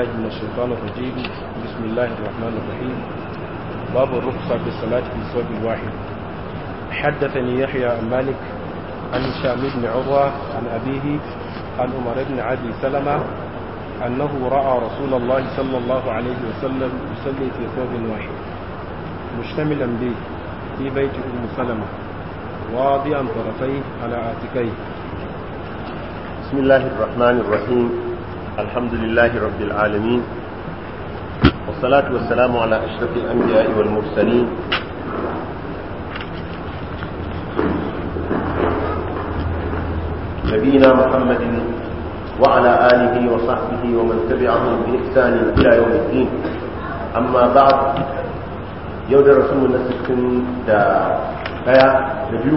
بالله من الشيطان الرجيم بسم الله الرحمن الرحيم باب الرخصة في الصلاة في الصوب الواحد حدثني يحيى عن مالك عن هشام بن عروة عن أبيه عن عمر بن عبد سلمة أنه رأى رسول الله صلى الله عليه وسلم يصلي في ثوب واحد مشتملا به في بيت أم سلمة واضيا طرفيه على عاتقيه بسم الله الرحمن الرحيم الحمد لله رب العالمين والصلاة والسلام على أشرف الأنبياء والمرسلين نبينا محمد وعلى آله وصحبه ومن تبعهم بإحسان إلى يوم الدين أما بعد يود رسول الله صلى سكن دا ربيو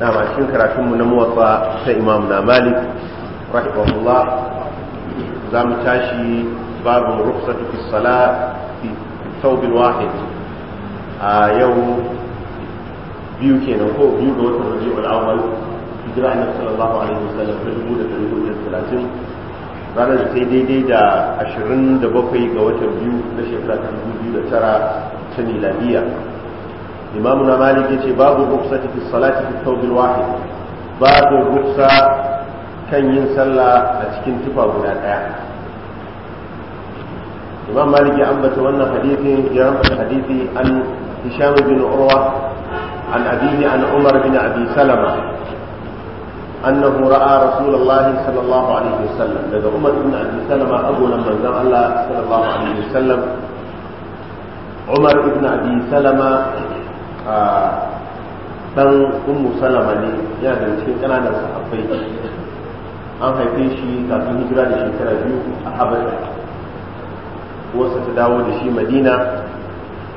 نعم عشان كراتم نموطة إمامنا مالك رحمه الله za mu tashi babu rukhsatu fi salat fi thawbin wahid a yau biyu kenan ko biyu ga watan rabiul awwal hijira annabi sallallahu alaihi wasallam ta dubu da dari da talatin ranar da ta daidai da ashirin da bakwai ga watan biyu na shekara ta dubu biyu da tara ta miladiya imamuna malik ya ce babu rukhsatu fi salati fi thawbin wahid babu rukhsa kan yin sallah a cikin tufa guda ɗaya imam malik ya ambata wannan hadithi ya ambata hadithi an hisham bin urwa an abihi an umar bin abi salama أنه رأى رسول الله صلى الله عليه وسلم لذا عمر بن أبي سلمة أبو لما زم الله صلى الله عليه وسلم dan ummu salama ne ya da cikin kananan sahabbai an haife shi kafin hijira da shekara biyu a habasha wasu ta dawo da shi madina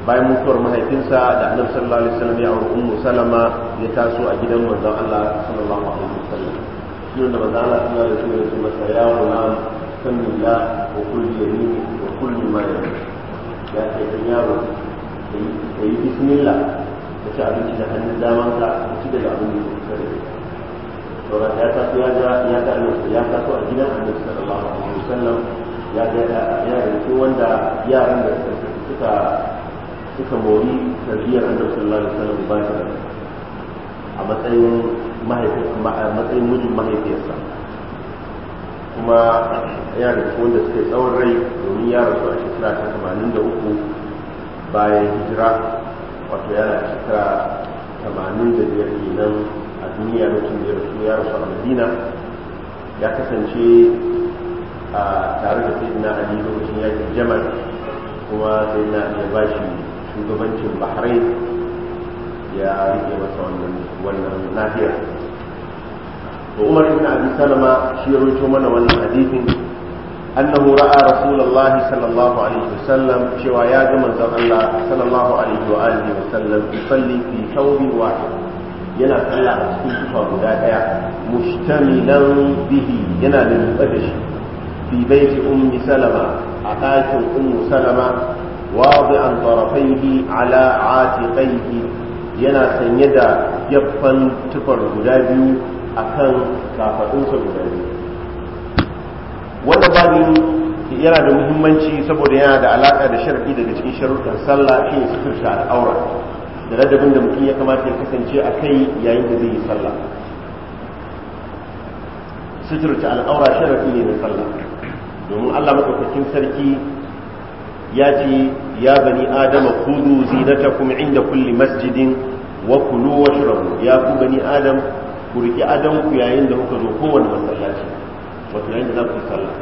bayan mutuwar mahaifinsa da annabi sallallahu alaihi wasallam ya auri ummu salama ya taso a gidan manzon Allah sallallahu alaihi wasallam shi da manzon Allah sallallahu alaihi wasallam ya ce masa ya gulam sanillah wa kulli yamin wa kulli ma ya ce kan yaro yi bismillah ka ci abinci da hannun damanka ka ci da abin da ka saboda ya taso ya ga ya ga ya taso a gidan annabi sallallahu alaihi wasallam ya ga ya rinko wanda yaran da suka suka mori tarbiyyar annabi sallallahu alaihi wasallam a matsayin mahaifin matsayin mijin kuma ya da wanda suka yi tsawon rai domin ya rasu a shekara ta tamanin da uku bayan hijira wato yana shekara tamanin da biyar kenan duniya lokacin da ya rasu ya rasu a madina ya kasance a tare da sayyidina ali lokacin yakin jamal kuma sai na ya ba shi shugabancin bahrain ya rike masa wannan wannan nahiyar to umar ibn abi salama shi ya rawaito mana wannan hadisin أنه رأى رسول الله صلى الله عليه وسلم شوايا من الله صلى الله عليه وآله وسلم يصلي في ثوب واحد yana tsalla a cikin tufa guda ɗaya mustamilan bihi yana da lutsa da shi fi baiti ummi salama a ɗakin ummu salama واضعا طرفيه ce عاتقيه yana sanye da yabban tufar guda biyu a kan kafaɗunsa guda biyu wanda babin yana da muhimmanci saboda yana da alaƙa da sharaɗi daga cikin sharuɗin sallah shi ne suturta al'aura da ladabin da mutum ya kamata ya kasance a kai yayin da zai yi sallah suturta al'aura sharafi ne na sallah domin allah makwakwakin sarki ya ce ya bani adama kudu kuma inda kulli masjidin wa kulu washrabu ya ku bani adam ku riƙe adam ku yayin da kuka zo kowane masallaci wato yayin da za ku yi sallah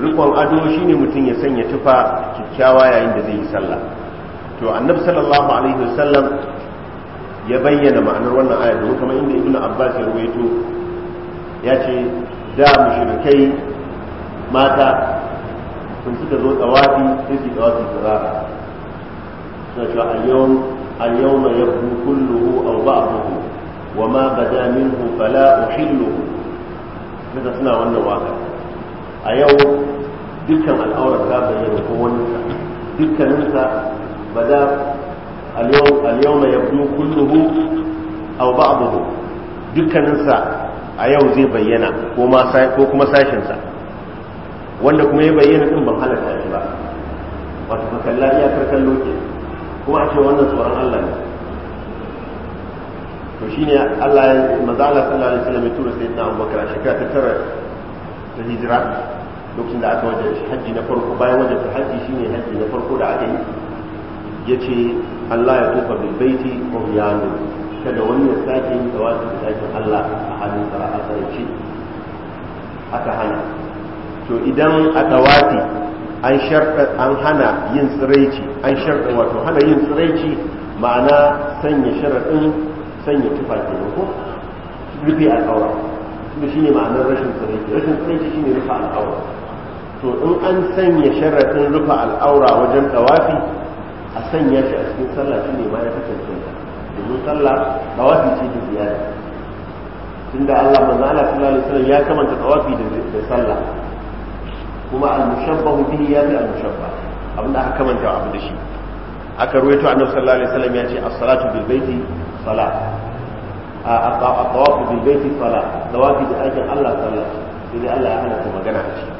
rikon ado shine mutum ya sanya tufa kyakkyawa yayin da zai yi sallah to annab sallallahu alaihi wasallam ya bayyana ma'anar wannan aya domin kamar inda ibnu abbas ya ruwaito ya ce da mushrikai mata sun suka zo tsawafi sai su tsawafi tsirara suna cewa al-yawm al-yawma yabdu kulluhu aw ba'dahu wa ma bada minhu fala uhilluhu kaga suna wannan waka a yau dukkan al'aurar ta bayyana ko wani dukkaninsa bada al-yawma yabdu kulluhu aw ba'dahu dukkaninsa a yau zai bayyana ko kuma sashinsa wanda kuma ya bayyana din ban halatta shi ba wato ka kalla ya kallo ke kuma a ce wannan tsoron Allah ne to shine Allah ya maza Allah sallallahu alaihi wasallam ya tura sai sayyidina Abubakar shekara ta tara ta hijira lokacin da aka waje hajji na farko bayan waje hajji shine hajji na farko da aka yi ya ce Allah ya tufa bil baiti uriyanu kada wani ya sake yin tawafi da sake Allah a hannun sa a sarki aka hana to idan a tawafi an sharɗa an hana yin tsiraici an sharɗa wato hana yin tsiraici ma'ana sanya sharaɗin sanya tufa ke ko rufe al'aura shi ne ma'anar rashin tsiraici rashin tsiraici shi ne rufe al'aura to in an sanya sharaɗin rufe al'aura wajen tawafi a sanya shi a cikin sallah shi ne ma ya fi cancanta domin sallah tsawafi ce da ziyara tunda Allah manzo Allah sallallahu alaihi wasallam ya kamanta tsawafi da sallah kuma al-mushabbahu bihi ya fi al-mushabba abinda aka kamanta abu da shi aka ruwaito annabi sallallahu alaihi wasallam ya ce as-salatu bil baiti salat a tawafu bil baiti salat tawafi da aikin Allah sallah sai dai Allah ya hana ta magana a cikin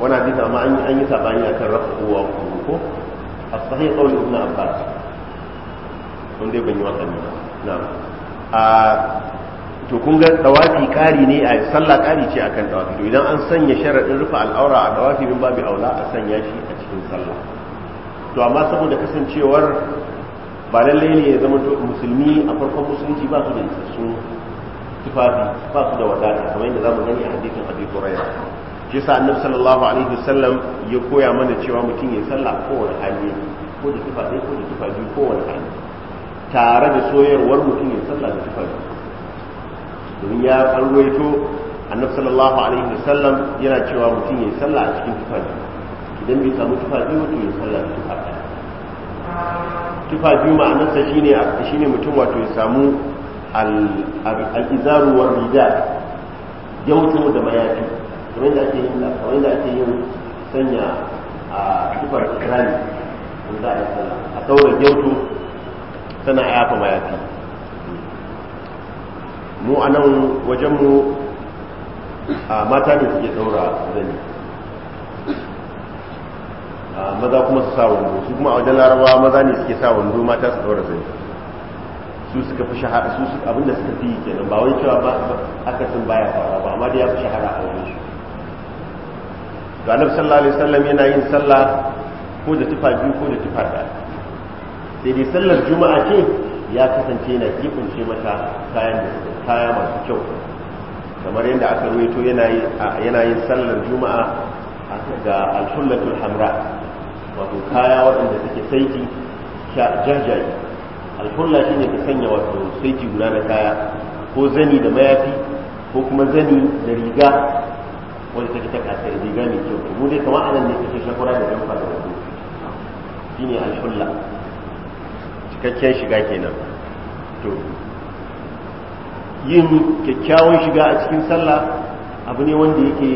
wani hadisi amma an yi sabani kan rafa kowa ko a sahih qawl ibn abbas kun dai ban yi wasan ba na'am a to kun ga dawafi kari ne a sallah kari ce akan dawafi to idan an sanya sharadin rufa al'aura a dawafi min babu aula a sanya shi a cikin sallah to amma saboda kasancewar ba lallai ne ya zama musulmi a farkon musulunci ba su da isassun tufafi ba su da wadata kamar yadda za mu gani a hadisin abi hurairah shi yasa annabi sallallahu alaihi wasallam ya koya mana cewa mutum ya sallah kowane hali ko da tufa ɗaya ko da tufa biyu kowane hali tare da soyarwar mutum ya sallah da tufa biyu domin ya alwaito annabi sallallahu alaihi wasallam yana cewa mutum ya sallah a cikin tufa biyu idan bai samu tufa biyu to ya sallah da tufa ɗaya tufa biyu ma'anarsa shine shine mutum wato ya samu al-izaru wa rida jawtu da mayafi kamar da ake yin kamar da ake yin sanya a kifar ikirani in za a yi a daura gyautu tana yafa mayafi mu a nan wajenmu a mata ne suke daura zani maza kuma su sa wando su kuma a wajen larabawa maza ne suke sa wando mata su daura zani su suka fi shahara su abinda suka fi kenan ba wani cewa ba akasin baya fara ba amma dai ya fi shahara a wajen shi to annabi sallallahu alaihi wasallam yana yin sallah ko da tufa biyu ko da tufa ɗaya sai dai sallar juma'a ce ya kasance yana kifince mata kayan da kaya masu kyau kamar yadda aka ruwaito yana yin sallar juma'a ga alhullatul hamra wato kaya waɗanda suke saiti jajaye alhulla shi ne ka sanya wato saiti guda na kaya ko zani da mayafi ko kuma zani da riga ta take ta kasar riga mai kyau mu dai kamar anan ne take shakura da jamfa da shi ne alhulla cikakken shiga kenan to yin kyakkyawan shiga a cikin sallah abu ne wanda yake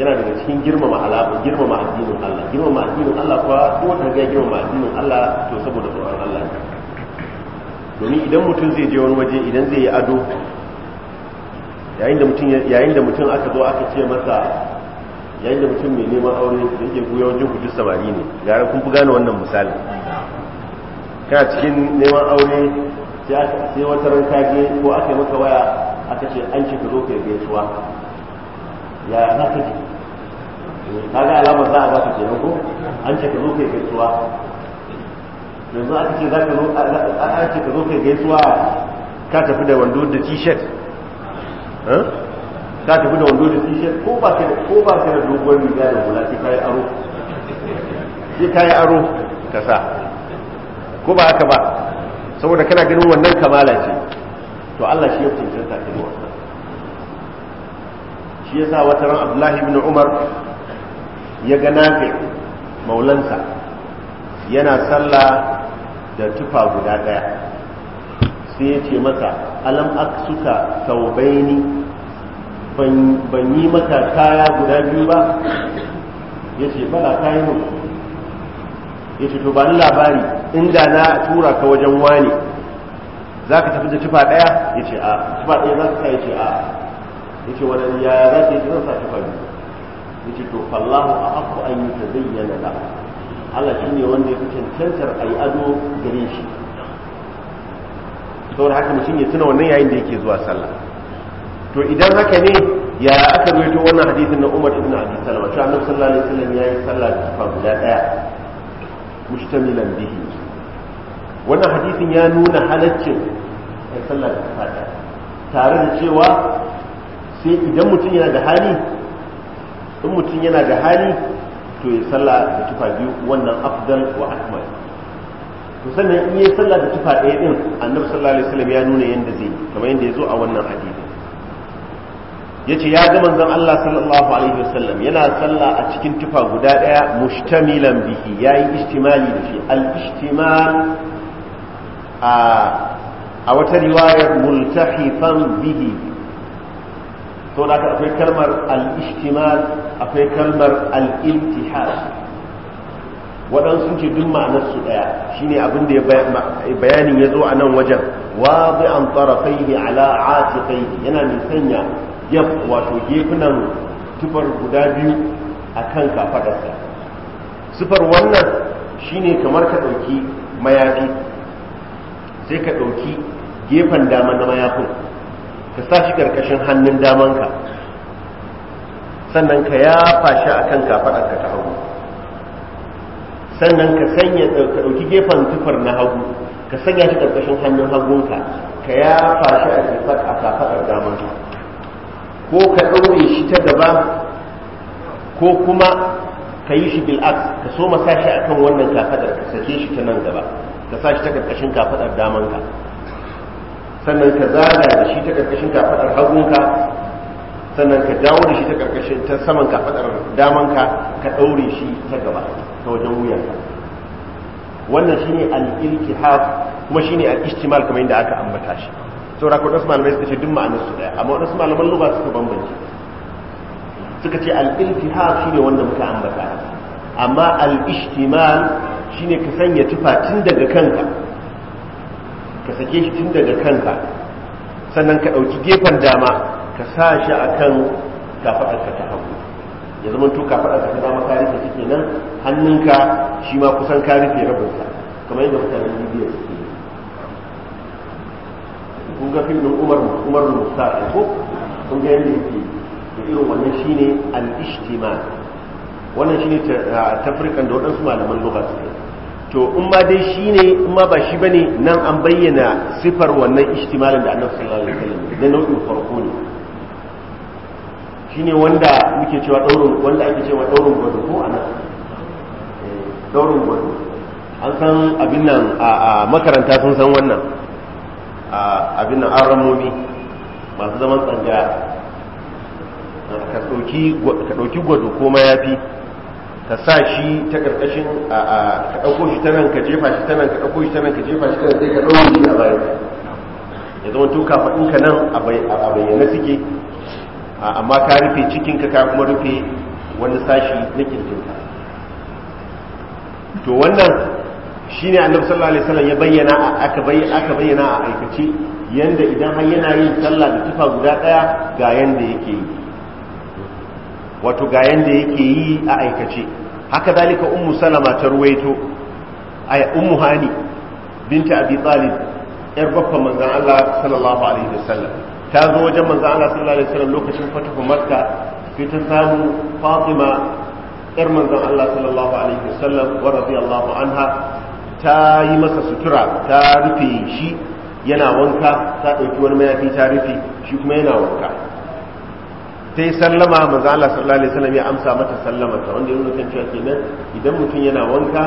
yana daga cikin girmama alaƙa girmama addinin Allah girmama addinin Allah kuwa ko wata ga girmama addinin Allah to saboda tsoron Allah domin idan mutum zai je wani waje idan zai yi ado yayin da mutum aka zo aka ce masa yayin da mutum mai neman aure da yake goyon wajen hujju samari ne gara kun fi gane wannan misalin kana cikin neman aure sai wata ran je ko aka yi maka waya aka ce an ce ka zo ka gaisuwa ya za ka ji kaga alamar za a ba ka ce ko an ce ka zo ka gaisuwa yanzu aka ce za ka zo ka gaisuwa ka tafi da wando da t-shirt Eh? ka tafi da wando da t ko ba ka ko ba ka da dogon riga da hula sai kai aro sai kai aro ka sa ko ba haka ba saboda kana ganin wannan kamala ce to Allah shi ya cancanta ka da wannan shi yasa wata ran Abdullahi ibn Umar ya ga Nafi maulansa yana sallah da tufa guda daya sai ya ce masa alam suka aksuka ni ban yi maka kaya guda biyu ba ya ce bala kayi mu ya ce to ba ni labari inda na tura ka wajen wani za ka tafi da tufa ɗaya ya ce a tufa ɗaya za ka ya ce a ya ce wani yaya za ka yi zan sa tufa biyu ya ce to fallahu a haku an yi ta zayyana da Allah shi ne wanda ya fi cancantar a yi ado gare shi saboda haka mutum ya tuna wannan yayin da yake zuwa sallah to idan haka ne ya aka rawaito wannan hadisin na Umar ibn Abi Salama cewa Annabi sallallahu alaihi wasallam yayi sallah da kafa guda daya mustamilan bihi wannan hadisin ya nuna halaccin ai sallah da kafa daya tare da cewa sai idan mutum yana da hali in mutum yana da hali to ya sallah da tufa biyu wannan afdal wa akmal to sannan in yi sallah da tufa ɗaya din annabi sallallahu alaihi wasallam ya nuna yadda zai kamar yadda ya zo a wannan hadisi yace ya ga manzon Allah sallallahu alaihi wasallam yana sallah a cikin tufa guda ɗaya mushtamilan bihi yayi istimali da shi al istimal a a wata riwayar multahifan bihi to da akwai kalmar al-ishtimal akwai kalmar al-iltihas waɗansu ce duk ma'anar su ɗaya shine abin da bayanin ya zo a nan wajen wadi an tarafaihi ala atiqaihi yana mai sanya yaf wato gefunan tufar guda biyu a kan kafaɗarsa sufar wannan shine kamar ka ɗauki mayafi sai ka ɗauki gefen dama na mayafin ka sa shi ƙarƙashin hannun damanka sannan ka yafa shi kan kafaɗarka ta hagu sannan ka sanya ka ɗauki gefen tufar na hagu ka sanya ta ƙarƙashin hannun hagunka ka ya fashi a sifar a kafaɗar damar ko ka ɗaure shi ta gaba ko kuma ka yi shi bil'aks ka so ma shi a kan wannan kafaɗar ka sake shi ta nan gaba ka sa shi ta ƙarƙashin kafaɗar damanka sannan ka zaga da shi ta ƙarƙashin kafaɗar hagunka sannan ka dawo da shi ta karkashin ta saman ka fadar daman ka ka daure shi ta gaba ta wajen wuyan ka wannan shine al-iltihab kuma shine al-ishtimal kamar yadda aka ambata shi saura ko wasu malamai suka ce duk ma'anar su daya amma wasu malaman lugha suka bambance suka ce al shi shine wanda muka ambata amma al-ishtimal ne ka sanya tufa tun daga kanka ka sake shi tun daga kanka sannan ka ɗauki gefen dama ka sa shi a kan kafaɗarka ta hagu ya zama to kafaɗarka ta dama ka rufe shi nan hannunka shi ma kusan ka rufe rabinsa kamar yadda mutanen libya suke yi kun ga filin umar umar a ko kun ga yadda yake da irin wannan shine al-ishtima wannan shine tafrikan da waɗansu malaman lugha suke to in ma dai shine in ma ba shi bane nan an bayyana sifar wannan ishtimalin da annabi sallallahu alaihi wasallam da nau'in farko ne shine wanda muke cewa daurin wanda ake cewa daurin gwado ko ana eh, daurin gwado an san abin nan a makaranta sun san wannan a abin nan an ramomi masu zaman tsangaya ka ɗauki gwado ko mayafi ka sa shi ta ƙarƙashin ka ɗauko shi ta nan ka jefa shi ta nan ka ɗauko shi ta nan ka jefa shi ta nan sai ka ɗauko shi a bayan ya zama to ka nan a bayyane suke amma ka rufe cikinka ka kuma rufe wani sashi na kirjinka to wannan shi ne annabi sallallahu alaihi wasallam ya bayyana aka bayyana aka bayyana a aikace yanda idan har yana yin sallah da tufa guda daya ga yanda yake yi wato ga yanda yake yi a aikace haka zalika ummu salama ta ruwaito ay ummu hani binta abi talib yar babban manzon Allah sallallahu alaihi wasallam ta zo wajen manzo Allah sallallahu alaihi wasallam lokacin fatuhu makka sai ta samu fatima ƴar manzon Allah sallallahu alaihi wasallam wa radiyallahu anha ta yi masa sutura ta rufe shi yana wanka ta ɗauki wani mayafi ta rufe shi kuma yana wanka ta yi sallama manzo Allah sallallahu alaihi wasallam ya amsa mata sallama ta wanda yana kan cewa kenan idan mutum yana wanka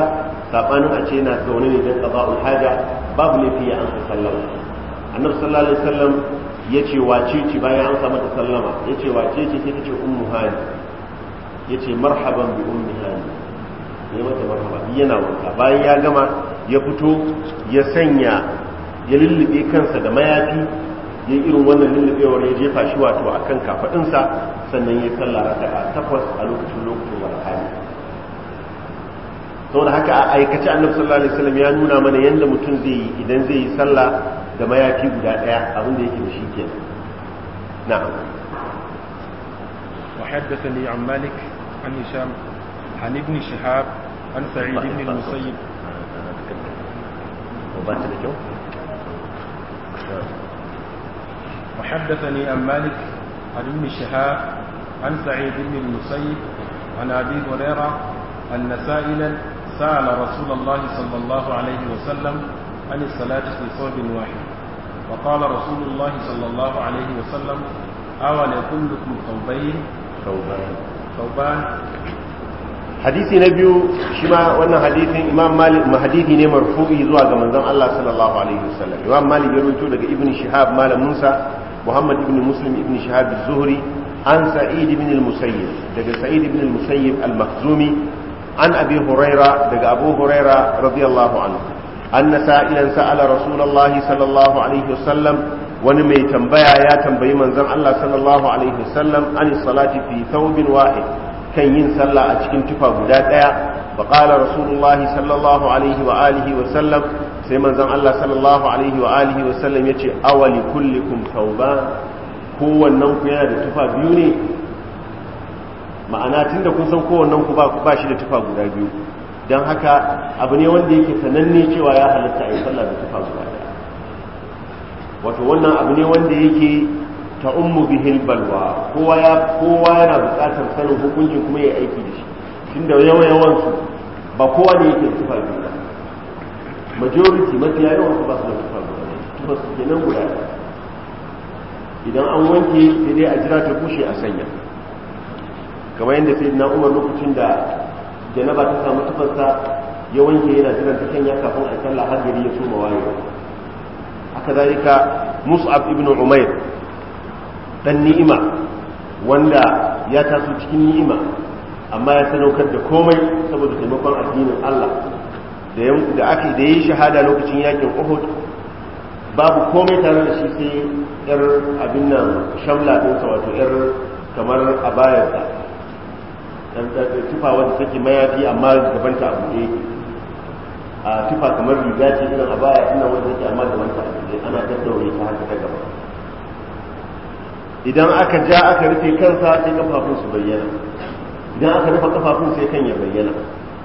sabanin a ce yana zaune ne don qada'ul haja babu laifi ya amsa sallama annabi sallallahu alaihi wasallam ya ce wace ce bayan an samu ta sallama ya ce wace ce sai ta ce ummu hali ya ce marhaban bi ummi hali ya mata marhaba yana wanka bayan ya gama ya fito ya sanya ya lullube kansa da mayafi ya irin wannan lullubewar ya jefa shi wato a kan kafaɗinsa sannan ya sallah raka'a takwas a lokacin lokacin Sau saboda haka a aikace annabi sallallahu alaihi wasallam ya nuna mana yadda mutum zai yi idan zai yi sallah da mayafi guda ɗaya abin da yake da shi ke na'am wa haddathani an malik an hisham an ibn shihab an وحدثني عن مالك عن ابن شهاب عن سعيد بن المسيب عن ابي هريره ان سائلا سال رسول الله صلى الله عليه وسلم عن الصلاة في واحد وقال رسول الله صلى الله عليه وسلم أولا ثوبين ثوبان ثوبان hadisi na biyu shi ma wannan hadisin imam malik mahadisi ne marfu'i zuwa ga manzon Allah sallallahu alaihi wasallam imam malik ya rawaito daga ibn shihab malamin muhammad ibn muslim ibn shihab az-zuhri an sa'id ibn al-musayyib daga sa'id ibn al-musayyib al-makhzumi an abi huraira daga abu huraira radiyallahu anhu anna sa'ilan sa'ala rasulullahi sallallahu alaihi wasallam wani mai tambaya ya tambayi manzon Allah sallallahu alaihi wasallam an salati fi thawbin wahid kan yin sallah a cikin tufa guda daya fa qala rasulullahi sallallahu alaihi wa alihi wasallam sai manzon Allah sallallahu alaihi wa alihi wasallam yace awali kullikum thawban kowannen ku yana da tufa biyu ne ma'ana tunda kun san kowannen ku ba shi da tufa guda biyu don haka abu ne wanda yake sananne cewa ya halatta a yi sallah da tufa zuwa da wato wannan abu ne wanda yake ta ummu bi balwa kowa ya kowa yana buƙatar sanin hukuncin kuma ya aiki da shi tunda yawa yawan su ba kowa ne yake tufa zuwa ba majority mafi yawan wasu ba su da tufa biyu tufa su nan guda idan an wanke sai dai a jira ta kushe a sanya kamar yadda sai na umar lokacin da janaba ta samu tufarsa ya wanke yana jiran ta kanya kafin a kalla har gari ya soma waye haka zalika mus'ab ibnu umair dan ni'ima wanda ya taso cikin ni'ima amma ya sadaukar da komai saboda taimakon addinin Allah da aka da yi shahada lokacin yakin Uhud babu komai tare da shi sai yar abin nan shamla ɗinsa wato yar kamar abayarsa dan tufa wanda take mayafi amma gaban ta abu ne a tufa kamar riga ce irin a baya ina wanda take amma gaban ta abu ne ana daddaure ta haka ta gaba idan aka ja aka rufe kansa sai kafafun su bayyana idan aka rufe kafafun sai kan ya bayyana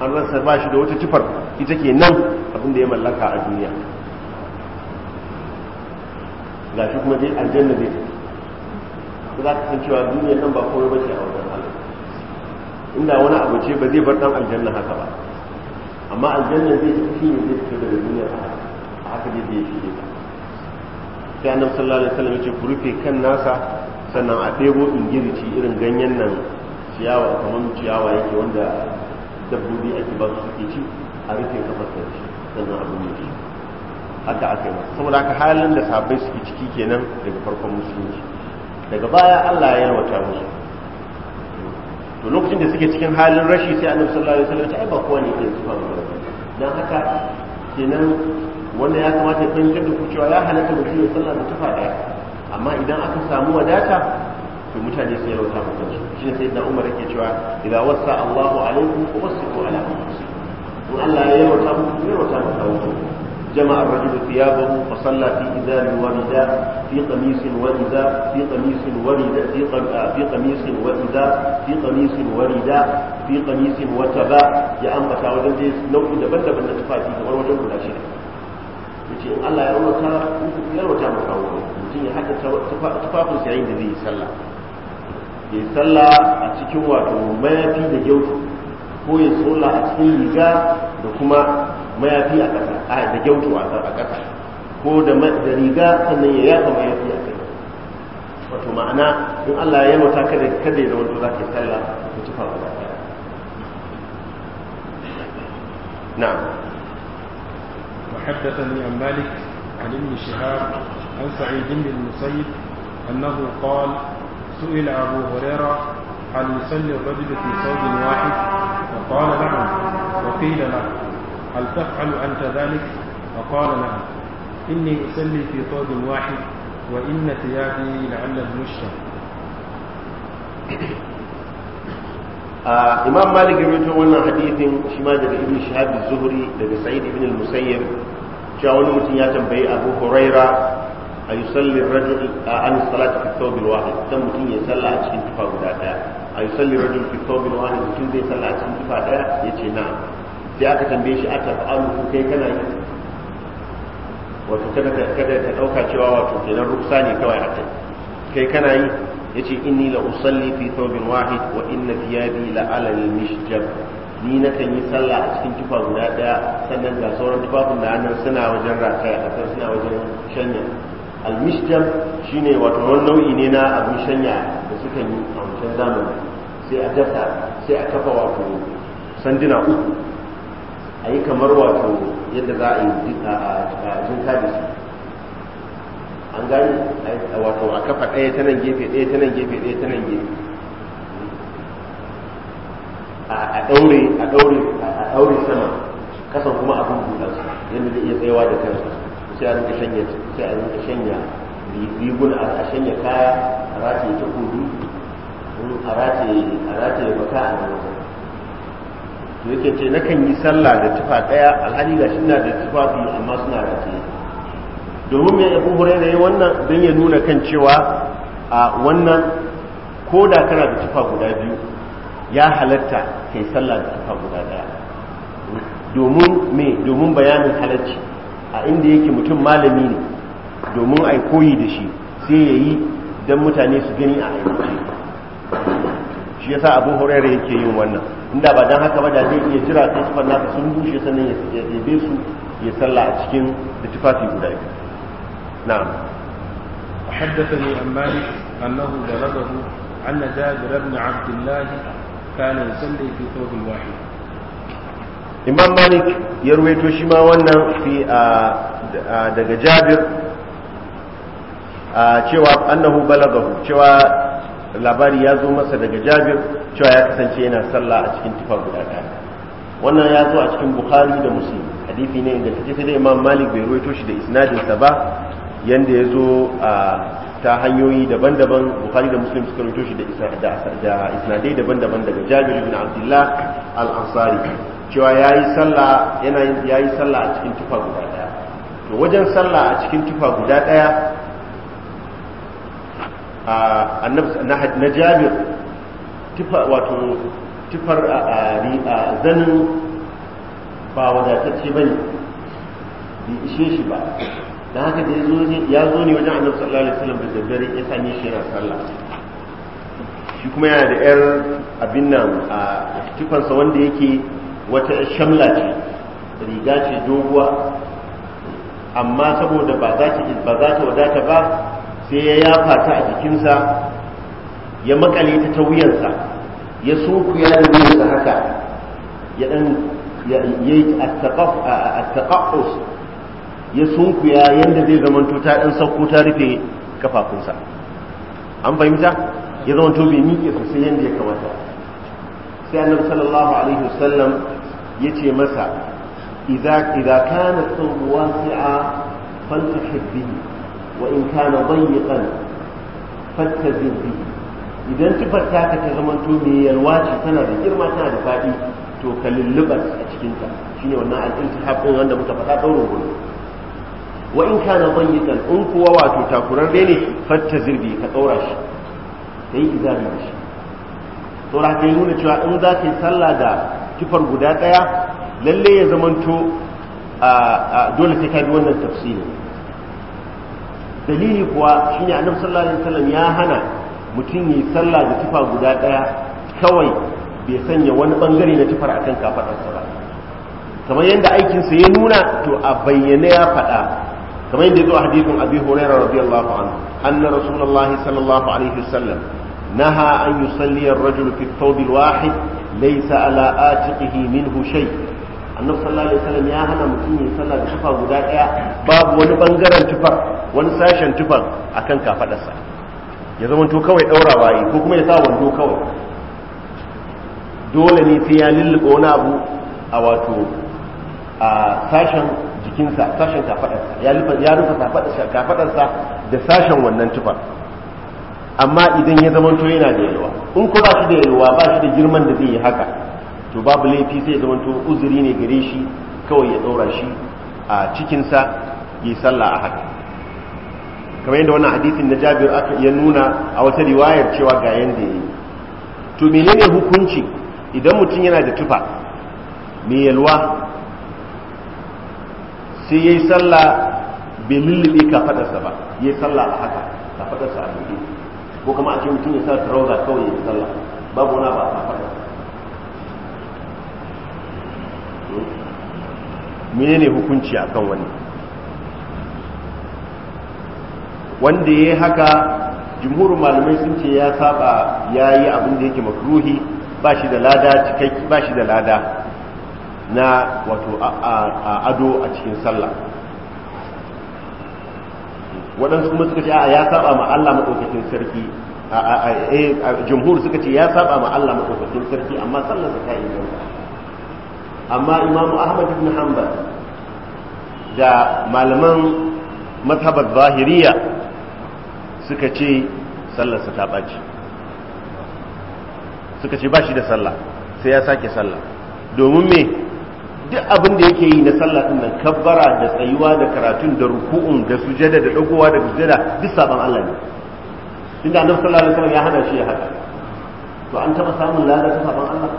an rasa ba shi da wata tufar ita ke nan abin da ya mallaka a duniya ga shi kuma dai aljanna zai tafi za ka san cewa duniya nan ba komai bace a wajen inda wani abu ce ba zai bar dan aljanna haka ba amma aljanna zai shi ne zai fito daga duniya a haka dai zai fi ta sai annab sallallahu alaihi wasallam ya ce ku rufe kan nasa sannan a ɗebo ingirici irin ganyen nan ciyawa kamar ciyawa yake wanda dabbobi ake ba su suke ci a rufe kafar da shi sannan abu ne shi haka aka yi masa saboda haka halin da sahabbai suke ciki kenan daga farkon musulunci daga baya Allah ya yalwata musu to lokacin da suke cikin halin rashi sai annabi sallallahu alaihi wasallam ya ce ba kowa ne ke zuwa dan haka kenan wanda ya kamata ya fahimtar da ku cewa ya halatta mutum ya sallah da tufa daya amma idan aka samu wadata to mutane sai yalwata mu kansu ne sai da Umar yake cewa idza wassa Allahu alaikum fa wassiqu ala anfusikum in Allah ya yalwata muku yalwata mu kanku جمع الرجل ثيابه فصلى في إزار ورداء في قميص ورداء في قميص ورداء في قميص ورداء في قميص ورداء في قميص وتباء يا أم فتاوجد لو إذا بنت بنت تفاتي كمان وجد ولا شيء yace in Allah ya rubuta ya rubuta mu kawo mutum ya haka tufafin sa yayin da zai yi sallah ya sallah a cikin wato mayafi da gyautu ko ya a cikin riga da kuma mayafi a ƙasa a da gyautu a ƙasa ko da riga sannan ya yafa mayafi a kai wato ma'ana in Allah ya mata kada kada ya zama to za ka yi sallah ka tufa ba na'am وحدثني عن مالك عن ابن شهاب عن سعيد بن المسيب أنه قال سئل أبو هريرة هل يصلي الرجل في ثوب واحد فقال نعم وقيل نعم هل تفعل أنت ذلك فقال نعم إني أصلي في طوب واحد وإن ثيابي لعل المشتر آه، إمام مالك رجل ولنا حديث شماده ابن شهاب الزهري لدى سعيد بن المسيب شاول متيات بي أبو هريرة أيصلي الرجل آه، عن الصلاة في الثوب الواحد تم متيني صلى أتشين تفاق أيصلي الرجل في الثوب الواحد وكين دي صلى أتشين تفاق ذاتا نعم sai aka tambaye shi aka fa'alu kai kana yi wato kada kada ka dauka cewa wato kenan ruksa ne kawai akai kai kana yi yace inni la usalli fi thawbin wahid wa inna thiyabi la ala al mishjab ni na kan yi sallah a cikin tufa guda daya sannan ga sauran tufafin da nan suna wajen rataya a kan suna wajen shanya al mishjab shine wato wani nau'i ne na abin shanya da suka yi a wancan zamani sai a dafa sai a kafa wato sandina uku a yi kamar wato yadda za a yi jinka da shi an gani wato a kafa ɗaya ta nan gefe ɗaya ta nan gefe ɗaya ta nan gefe a ɗaure a ɗaure a ɗaure sama kasan kuma abin buɗa su yadda zai iya tsayawa da kansa sai a rinka shanya sai a rinka shanya riguna a shanya kaya a rataye takobi a rataye a rataye baka a nan wajen to yake ce na kan yi sallah da tufa daya alhali ga shi na da tufafi amma suna da ce domin mai abu da yi wannan don ya nuna kan cewa a wannan ko da kana da tufa guda biyu ya halatta ka yi sallah da tufa guda daya domin me domin bayanin halacci a inda yake mutum malami ne domin ai koyi da shi sai ya yi don mutane su gani a aiki shi yasa abu huraira yake yin wannan inda ba dan haka ba da zai iya jira sai tufan nasa sun bushe sannan ya ɗebe su ya salla a cikin da tufafi guda biyu na'am حدثني عن مالك أنه بلغه أن جابر na عبد الله كان يصلي في ثوب واحد imam malik ya ruwaito shi ma wannan fi daga jabir cewa an nahu balagahu cewa labari ya zo masa daga jabir cewa ya kasance yana sallah a cikin tufa guda ɗaya wannan ya zo a cikin bukhari da muslim hadisi ne ingantacce sai da imam malik bai ruwaito shi da isnadinsa ba yanda ya zo a ta hanyoyi daban-daban bukhari da muslim suka ruwaito shi da isnadai daban-daban daga jabir ibn abdullah al-ansari cewa ya sallah yana sallah a cikin tufa guda ɗaya. to wajen sallah a cikin tufa guda ɗaya. na jabir wato tufar a zanin ba wadatacce ba ne bai ishe shi ba da haka da ya zo ne wajen annabi sallallahu alaihi wasallam da daddare ya sami shi yana sallah shi kuma yana da yar abin nan a tufansa wanda yake wata shamla ce riga ce doguwa amma saboda ba za ta wadata ba sai ya yafa ta a jikinsa ya makale ta ta wuyansa ya soku ya da wuyansa haka ya dan ya yi attaqaqus ya sunkuya yanda zai zamanto ta dan sauko ta rufe kafafunsa an fahimta ya to bai miƙe sosai yanda ya kamata sai annabi sallallahu alaihi wasallam ya ce masa idza idza kana tsawwa fi'a fantahibbihi وإن كان ضيقا فاتزن به idan sifar taka ta zama to mai yalwaci tana da girma tana da faɗi to ka lullubar a cikinta shine wannan al'iltihab din wanda muka faɗa ɗaurin gudu wa in kana dayyiqan in kuwa wato takurarre ne fatta zirbi ka ɗaura shi ka yi izari da shi saura ka nuna cewa in za ka yi sallah da kifar guda ɗaya lallai ya zamanto dole sai ka bi wannan tafsirin dalili kuwa shine annabi sallallahu alaihi wasallam ya hana mutum yi sallah da tufa guda daya kawai bai sanya wani bangare na tufar akan kafadarsa ba kamar yadda aikinsa ya nuna to a bayyane ya faɗa kamar yadda zuwa hadithun abi hurairah radiyallahu anhu anna rasulullahi sallallahu alaihi wasallam naha an yusalli ar-rajul fi thawb al-wahid laysa ala atiqihi minhu shay' annabi sallallahu alaihi wasallam ya hana mutum ya sallah da tufa guda daya babu wani bangaren tufar wani sashen tufar akan kafadarsa ya zama to kawai daura yi ko kuma ya sa wando kawai dole ne sai ya lulluɓe wani abu a wato a sashen jikinsa sashen kafadarsa ya rufe kafadarsa da sashen wannan tufar amma idan ya zama to yana da yalwa in ko ba shi da yalwa ba shi da girman da zai yi haka to babu laifi zai to uzuri ne gare shi kawai ya ɗora shi a cikinsa yi sallah a haka kamar yadda wannan hadisin na jabir aka iya nuna a wata riwayar cewa ga yadda ya yi to menene hukunci idan mutum yana da tufa mai yalwa sai ya yi sallah bai lullube kafadarsa ba ya yi sallah a haka kafadarsa a ko kuma a ce mutum ya sa tarauza kawai ya yi sallah babu wani ba a menene hukunci akan wannan wanda ya haka jimhurin malamai sun ce ya saba ya yi abin da yake makruhi ba shi da lada cikakki ba shi da lada na wato a ado a cikin sallah waɗansu kuma suka ce a ya saba ma Allah maɗaukakin sarki eh, a jumhur suka ce ya saba ma Allah maɗaukakin sarki amma sa ta inganta amma imamu ahmad ibn hanbal da malaman mazhabar zahiriya suka ce sallarsa ta ɓaci suka ce ba shi da sallah sai ya sake sallah domin me duk abin da yake yi na sallah din nan kabbara da tsayuwa da karatun da ruku'un da sujada da dagowa da sujada duk saban Allah ne inda annabi sallallahu alaihi wasallam ya hada shi ya haka to an taba samun lada ta saban Allah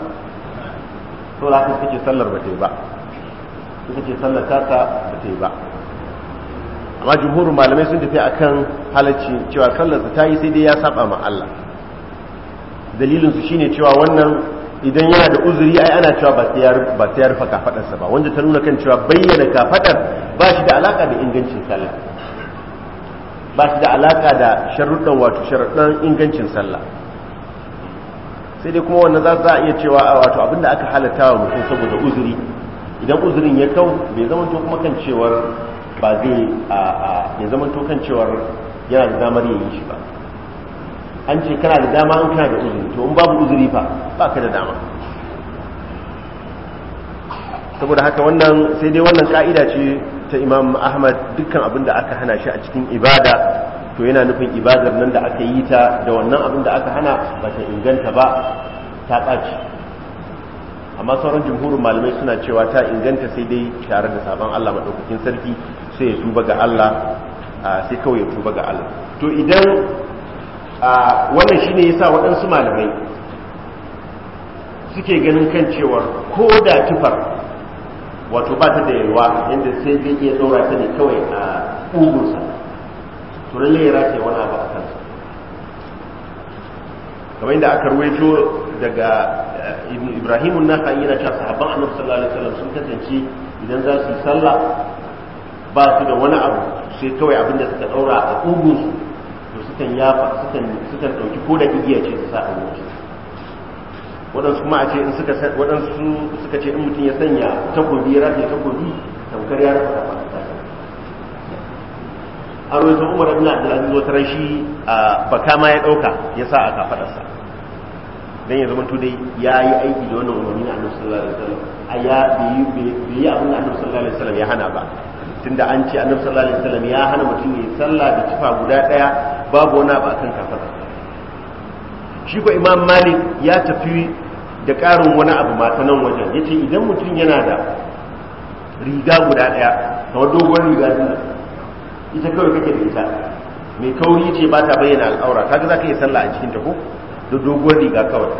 to da haka suke sallar ba ta yi ba suka ce sallar tasa ba ta yi ba amma jumhurin malamai sun tafi akan halacci cewa sallar ta yi sai dai ya saba ma Allah dalilin su shine cewa wannan idan yana da uzuri ai ana cewa ba tayar ba tayar fa kafadarsa ba wanda ta nuna kan cewa bayyana kafadar ba shi da alaka da ingancin sallah ba shi da alaka da sharuɗan wato sharuɗan ingancin sallah sai dai kuma wannan za a iya cewa a wato abinda aka halatta wa mutum saboda uzuri idan uzurin ya kau bai zama to kuma kan cewar ba zai a ya zama to kan cewar yana da damar yayin shi ba an ce kana da dama an kana da uzuri to in babu uzuri fa ba ka da dama saboda haka wannan sai dai wannan ka'ida ce ta imam ahmad dukkan abin da aka hana shi a cikin ibada to yana nufin ibadar nan da aka yi ta da wannan abin da aka hana ba ta inganta ba ta ɓaci amma sauran jumhurin malamai suna cewa ta inganta sai dai tare da sabon Allah maɗaukakin sarki sai ya tuba ga Allah sai kawai ya tuba ga Allah to idan wannan shi ne ya sa waɗansu malamai suke ganin kan cewar ko da tufar wato ba ta da yawa yadda sai zai iya ɗora ta ne kawai a ƙugunsa to lalle ya rataye wani abu a kansa kamar yadda aka ruwaito daga eh, ibrahim na kan yana cewa sahabban annab sallallahu alaihi wasallam sun kasance idan za su yi sallah ba su da wani abu sai kawai abin da suka daura a su to sukan yafa sukan sukan dauki ko da igiya ce su sa a wurin waɗansu kuma a ce in suka wadansu suka ce in mutum ya sanya takobi ya rafe takobi tamkar ya rafa ta an rozo umar ibn abdulaziz wata rashi shi baka ma ya dauka ya sa a kafadarsa dan ya zama dai ya yi aiki da wannan umarni na annabi sallallahu alaihi wasallam a ya bai yi abin da annabi sallallahu alaihi wasallam ya hana ba tunda an ce annabi sallallahu alaihi wasallam ya hana mutum ya yi sallah da tufa guda daya babu wani ba kan kafada shi ko imam malik ya tafi da karin wani abu mata nan wajen yace idan mutum yana da riga guda daya kamar dogon riga din ita kawai kake da ita mai kauri ce ba ta bayyana al'aura kaga za ka yi sallah a cikin ta ko da doguwar riga kawai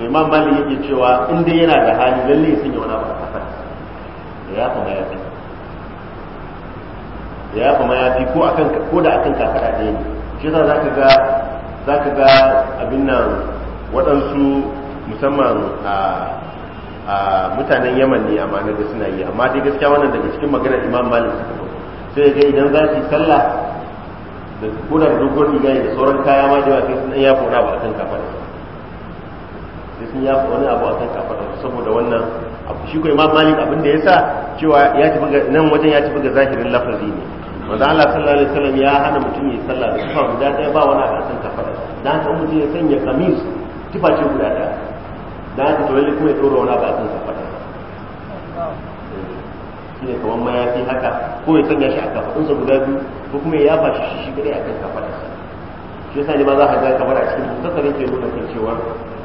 to imam malik yake cewa in dai yana da hali lalle ya sanya wani abu a kafar ya fa ya fi ko ko da akan kafara ɗaya ne shi yasa ka ga ka ga abin nan waɗansu musamman a a mutanen yaman ne amma na suna yi amma dai gaskiya wannan daga cikin maganar imam malik suka sai ga idan za su yi sallah da kuna da dogon riga da sauran kaya ma da yawa sai sun yafa wani abu a kan kafa sai sun yafa wani abu a kan kafa saboda wannan abu shi kuma malik abin da ya sa cewa ya tafi ga nan wajen ya tafi ga zahirin lafazi ne wanda Allah sallallahu alaihi wasallam ya hana mutum ya sallah da kafa guda ɗaya ba wani abu a kan kafa dan haka mutum ya sanya kamis tufa ce guda ɗaya dan haka to kuma ya ɗora wani abu a kan kafa shine kamar mayafi haka ko ya sanya shi a kafadunsa guda biyu ko kuma ya yafa shi shi kadai akan kafadarsa shi yasa ne ma za ka ga kamar a cikin musassar yake nuna kan cewa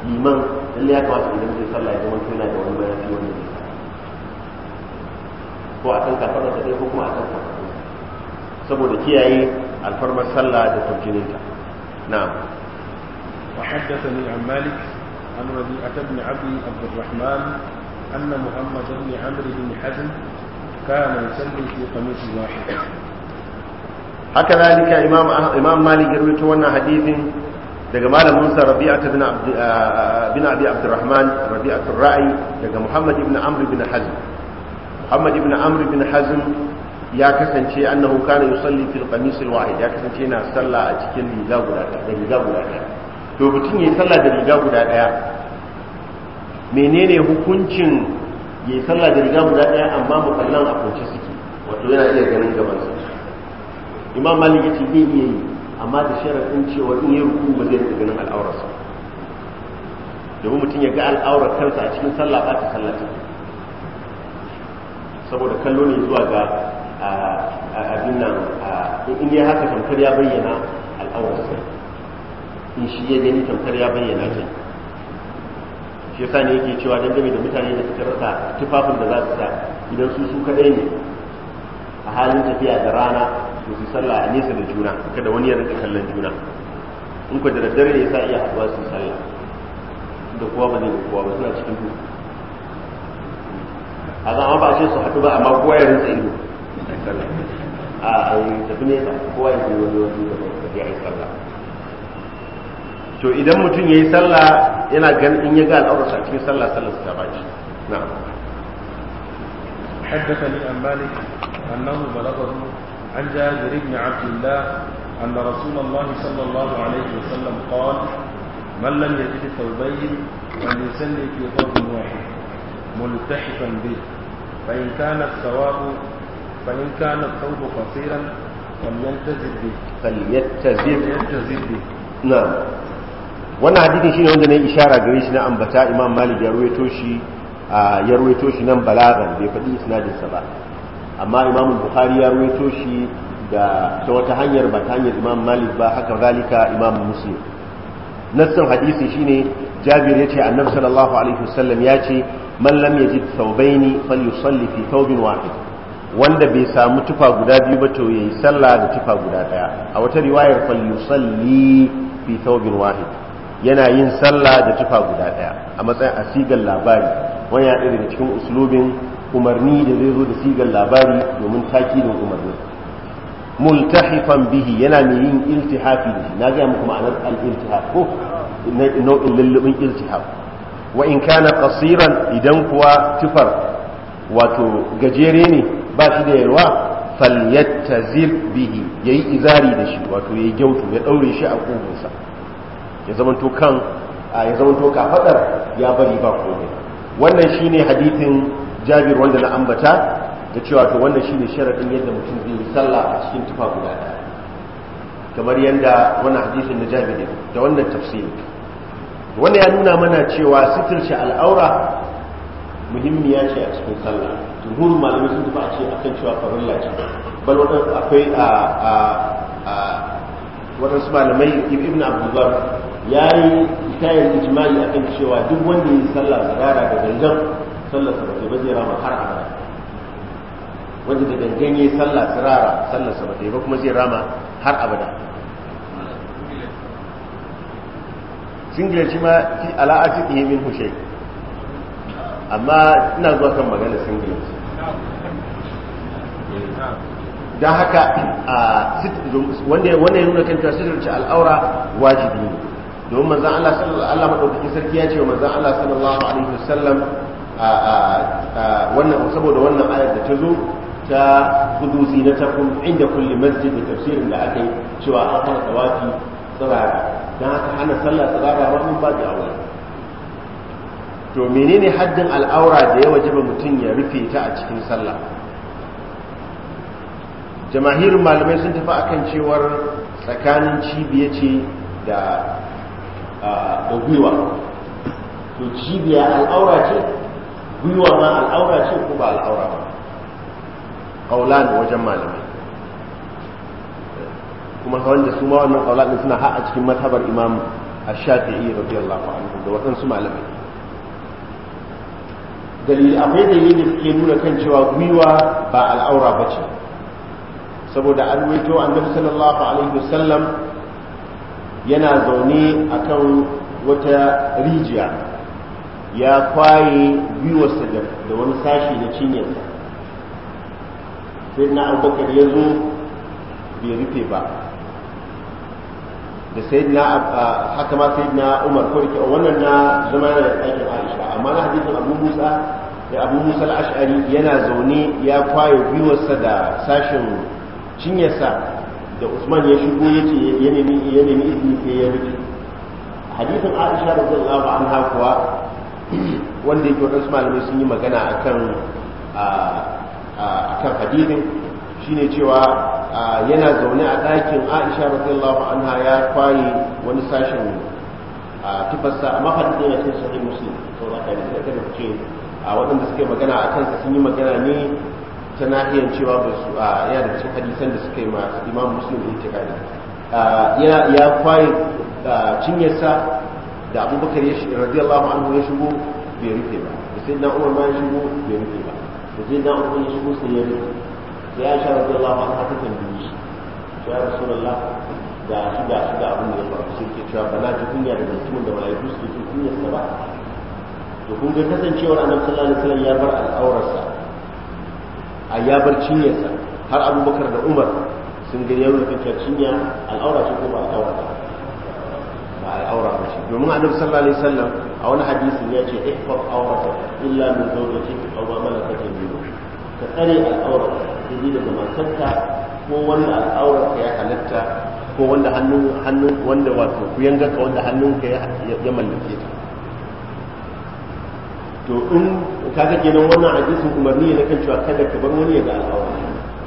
liman lalle ya kamata idan zai sallah ya zama yana da wani mayafi wanda zai sa ko akan kafadarsa ɗaya ko kuma akan kafadarsa saboda kiyaye alfarmar sallah da tarjininta na'am وحدثني عن مالك عن ربيعة بن عبد الرحمن أن محمد بن عمرو بن حزم كان يصلي في قميص واحد هكذلك إمام إمام مالك يروي تونا حديث daga malaminsa rabi'atu bin ah, ah, bin abi abdurrahman rabi'atu ra'i daga muhammad ibn amr ibn hazm muhammad ibn amr ibn hazm ya kasance annahu kana yusalli fil qamis al ya kasance yana sallah a cikin da riga guda ɗaya to mutum yayi sallah da riga guda ɗaya menene hukuncin ya yi sallah da riga guda ɗaya amma mukallan a kwance suke wato yana iya ganin gabansa imam malik ya ce zai iya yi amma da sharaɗin cewa in yi ruku ba zai ganin al'aurarsa domin mutum ya ga al'aurar kansa a cikin sallah ba ta sallata saboda kallo ne zuwa ga abin nan in ya haka tamkar ya bayyana al'aurarsa in shi ya gani tamkar ya bayyana kenan shi yasa ne yake cewa dangane da mutane da suka rasa tufafin da za su sa idan su su kadai ne a halin tafiya da rana su su sallah a nesa da juna kada wani ya rinka kallon juna in ku da daddare ne yasa iya haduwa su sallah da kowa ba zai kowa ba suna cikin duk a zama ba a ce su haɗu ba amma kowa ya rinsa ido a tafi ba kowa ya je wani wani da ya yi sallah to idan mutum ya yi sallah yana ganin in ya ga al'aurarsa a cikin sallah sallar ta baci na'am حدثني عن مالك أنه بلغه عن جابر بن عبد الله أن رسول الله صلى الله عليه وسلم قال من لم يجد ثوبين فليسلي في ثوب واحد ملتحفا به فإن كان الثواب فإن كان الثوب قصيرا فليلتزم به فليتزم به نعم wannan hadisin shine wanda na yi ishara gare shi na ambata imam malik ya ruwaito shi ya ruwaito shi nan balagan bai faɗi isnadinsa ba amma imam bukhari ya ruwaito shi da ta wata hanyar ba ta hanyar imam malik ba haka zalika imam muslim nassan hadisi shine jabir yace annabi sallallahu alaihi wasallam yace man lam yajid thawbaini falyusalli fi thawbin wahid wanda bai samu tufa guda biyu ba to yayi sallah da tufa guda daya a wata riwayar falyusalli fi thawbin wahid yana yin sallah da tufa guda ɗaya a matsayin a sigar labari wani ya ɗaya daga cikin uslubin umarni da zai zo da sigar labari domin takidin umarni multahifan bihi yana mai yin iltihafi da shi na gaya muku ma'anar al-iltihaf ko nau'in lullubin iltihaf wa in kana qasiran idan kuwa tufar wato gajere ne ba shi da yalwa falyattazir bihi yayi izari da shi wato yayi gyautu ya ɗaure shi a kugunsa ya zamanto kan ya zamanto kafadar ya bari ba kome wannan shine hadithin jabir wanda na ambata da cewa to wannan shine sharadin yadda mutum zai yi sallah a cikin tufa guda ɗaya kamar yadda wannan hadisin na jabir da wannan tafsiri wanda ya nuna mana cewa sitirce al'aura muhimmiya ce a cikin sallah jumhur malamai sun tafi a ce akan cewa farilla ce bal wadan akwai a a a wadansu malamai ibn abdullah ya yi hikayar a akan cewa duk wanda ya yi sallah tsirara da gangan sallar sa ba zai rama har abada wanda da gangan ya yi sallah rara sallar sa ba ba kuma zai rama har abada singlet shi ma fi ala'ati ɗaya min hushe amma ina zuwa kan magana singlet don haka wanda ya nuna kan tasirin al'aura wajibi ne domin manzan Allah sallallahu Allah madaukakin sarki ya ce wa manzan Allah sallallahu alaihi wasallam wannan saboda wannan ayar da ta zo ta ta zinatakum inda kulli masjid da tafsirin da aka yi cewa an hana tsawafi tsirara don haka hana sallah tsirara ba mun ba da to menene haddin al'aura da ya wajaba mutum ya rufe ta a cikin sallah jamahirin malamai sun tafi akan cewar tsakanin cibiya ce da da gwiwa to cibiya al'aura ce gwiwa ma al'aura ce ko ba al'aura ba ƙaulani wajen malamai kuma wanda su ma wannan ƙaulani suna ha a cikin matabar imam a shafi ash-shafi'i radiyallahu anhu da waɗansu malamai dalili akwai dalili da ke nuna kan cewa gwiwa ba al'aura ba ce saboda an waito annabi sallallahu alaihi wasallam yana zaune a kan wata rijiya ya kwaye gwiwarsa da wani sashi na cinyarsa sai na abubakar ya zo bai rufe ba da sai na ah, haka ma sai na umar kwarki wannan na zama da ɗakin aisha amma na hadisin abu musa da abu musa al'ashari yana zaune ya kwaye gwiwarsa da sashin cinyarsa da usman ya shigo ya ce ya nemi izini sai ya rufe hadisin aisha da lafa anha hakuwa wanda yake wadansu malamai sun yi magana akan akan hadisin shine cewa yana zaune a ɗakin aisha da an anha ya kwaye wani sashen tufarsa a mahadin yana cin sahih muslim saboda haka da suka ce a waɗanda suke magana a kansa sun yi magana ne ta nahiyan cewa ba su a yana da cikin hadisan da suka yi ma imam muslim gani ya kwaye cinyarsa da abubakar ya shiga radiyallahu anhu ya shigo bai rufe ba da sai na umar ma ya shigo bai rufe ba da sai na umar ya shigo sai ya rufe sai ya sha radiyallahu anhu ta biyu shi to ya rasulullah da shi da shi da abin da ya faru sai ke cewa bana ta kunya da mutumin da malaiku suke cikin kunyarsa ba to kun ga kasancewar annabi sallallahu alaihi wasallam ya bar al'aurarsa a ya bar cinyarsa har abubakar da umar sun gani yau da cinya al'aura ce ko ba al'aura ba ba al'aura ba ce domin annabi sallallahu alaihi wasallam a wani hadisi ya ce ihfaz aurata illa min zawjati aw ma malakat yaminuka ka tsare al'aura sai daga matarka ko wanda al'aura ka ya halatta ko wanda hannun wanda wato ku yanga ka wanda hannun ka ya mallake ta to in kaga kenan wannan hadisin umarni ne kan cewa kada ka bar wani ya ga al'aura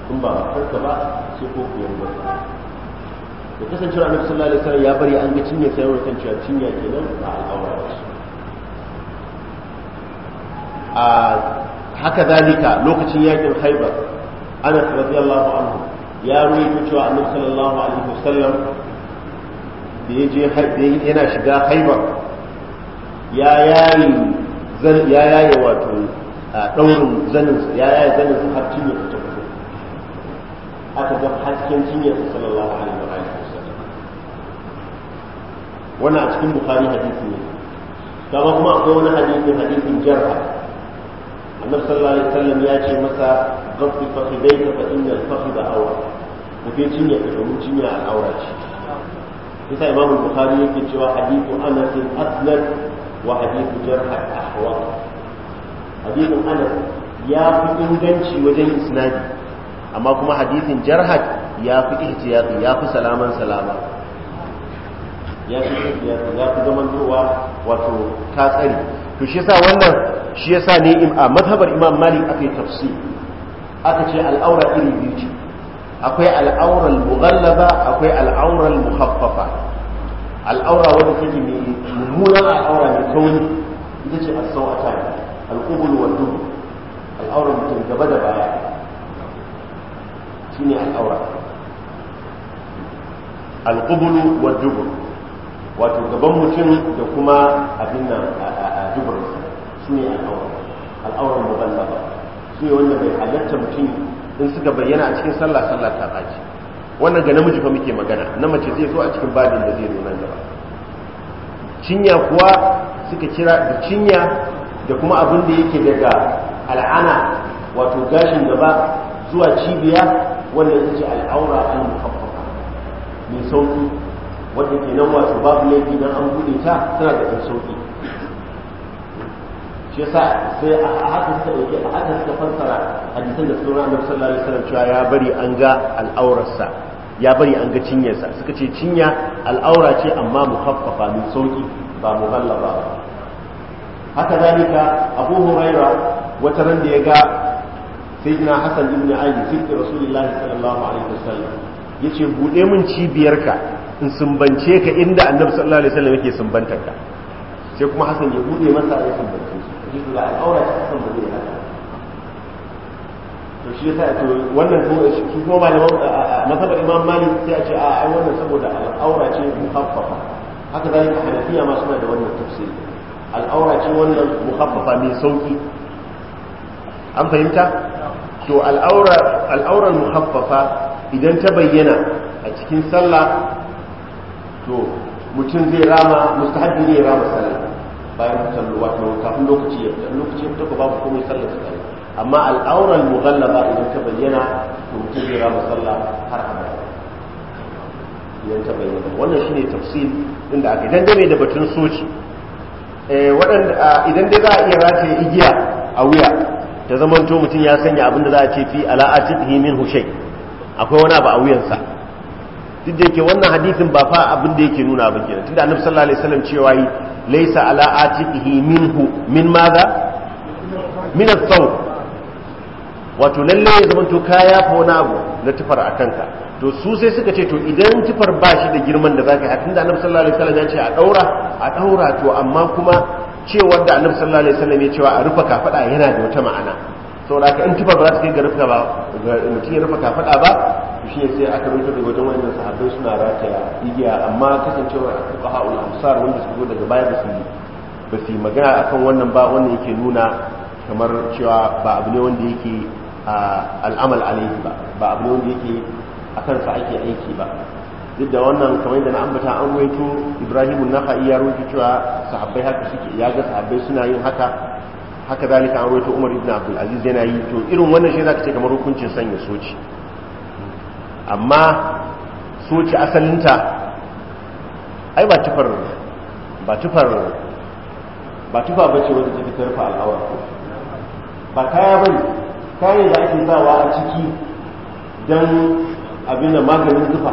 in ba farka ba sai ko ku yarda to kasancewa annabi sallallahu alaihi wasallam ya bari an ga cinya sai wani kan cewa cinya kenan ba al'aura ba a haka zalika lokacin yakin haibar anas radiyallahu anhu ya ruwaito cewa annabi sallallahu alaihi wasallam da ya je yana shiga haibar ya yayi ya yaye wato a daurin zaninsa ya yaye su har cinyar ta fito aka ga hasken cinyar sa sallallahu alaihi wa alihi wasallam wannan a cikin bukhari hadisi ne kama kuma akwai wani hadisi hadisin jarha annabi sallallahu alaihi wasallam ya ce masa gafi fakhidai ka fa innal fakhida awra mutum cinye ka domin cinya al'aura ce yasa imamu bukhari yake cewa hadithu anas asnad وحديث جرح الأحوال حديث أنس يا في إنجنشي وجه إسنادي أما كما حديث جرحك يا في احتياطي يا في سلاما سلاما ya ya fi zamantowa wato ta tsari to shi yasa wannan shi yasa ne a mazhabar imam malik aka yi aka ce al'aura iri biyu ce akwai al'aurar mughallaba akwai al'aurar muhaffafa al'aura wanda take mai mummunan al'aura mai kauri ita ce a sawata al-qubul wa dubu al'aura mutum gaba da baya ne al'aura al wa dubu wato gaban mutum da kuma abin nan a su ne al'aura al'aura su ne wanda mai halatta mutum in suka bayyana a cikin sallah sallah ta ɗaci. wannan ga namiji fa muke magana na mace zai zo a cikin babin da zai zo nan gaba cinya kuwa suka kira da cinya da kuma abin da yake daga al'ana wato gashin gaba zuwa cibiya wanda ita ce al'aura an mukaffafa mai sauki wanda ke nan wato babu laifi dan an buɗe ta tana da ɗan sauki shi yasa sai a haka suka dauke a haka suka fassara hadisan da sunan annabi sallallahu alaihi wasallam cewa ya bari an ga al'aurarsa ya bari an ga cinyarsa suka ce cinya al'aura ce amma mu haffafa min sauki ba mu ba. haka zalika abu huraira wata ran da ya ga sayyidina hasan ibn ali sirri rasulullahi sallallahu alaihi wasallam yace bude min cibiyarka in sumbance ka inda annabi sallallahu alaihi wasallam yake sumbantar ka sai kuma hasan ya bude masa ya sumbance shi al'aura ta hasan to shi yasa to wannan ko shi kuma masabar imam malik sai a ce a ai wannan saboda al'aura ce haka hanafiya ma suna da wannan tafsiri al'aura ce wannan mai sauki an fahimta to al'aura idan ta bayyana a cikin sallah to mutum zai rama mustahabbi ne rama sallah bayan sallah wato kafin lokaci ya lokaci ya babu komai sallah amma al'auran mughallaba idan ta bayyana to mutum zai rama sallah har abada idan ta bayyana wannan shine tafsir inda aka dai da batun soci eh, idan dai za a iya rataye igiya a wuya ta zamanto mutum ya sanya abin da za a ce fi ala'atihi min hushai akwai wani abu a wuyansa duk da yake wannan hadisin ba fa abin da yake nuna ba kenan tunda annabi sallallahu alaihi wasallam cewa yi laysa ala atihi minhu min madha min ath-thawb wato lalle ya zama to ka fa wani abu na tufar a kanka to su sai suka ce to idan tufar ba shi da girman da zaka yi a da annabi sallallahu alaihi wasallam ya ce a daura a daura to amma kuma cewar da annabi sallallahu alaihi wasallam ya cewa a rufa kafada yana da wata ma'ana saboda ka in tufar ba za ta kai ga rufa ba mutum ya rufa kafada ba to ne sai aka rubuta da wajen wannan sahabbai suna rataya igiya amma kasancewar fuqaha ul amsar wanda suka zo daga baya basu su ba su magana akan wannan ba wannan yake nuna kamar cewa ba abu ne wanda yake al'amal alaihi ba ba abu ne wanda yake a kansa ake aiki ba duk da wannan kamar yadda na ambata an waito ibrahimun naha'i ya roƙi cewa sahabbai haka suke ya ga sahabbai suna yin haka haka zalika an waito umar ibn abdul aziz yana yi to irin wannan shi ka ce kamar hukuncin sanya soci amma soci asalinta ai ba tufar ba tufar ba tufa ce wanda take tarfa al'awar ba kaya bane kayan da ake sawa a ciki don abin da maganin zufa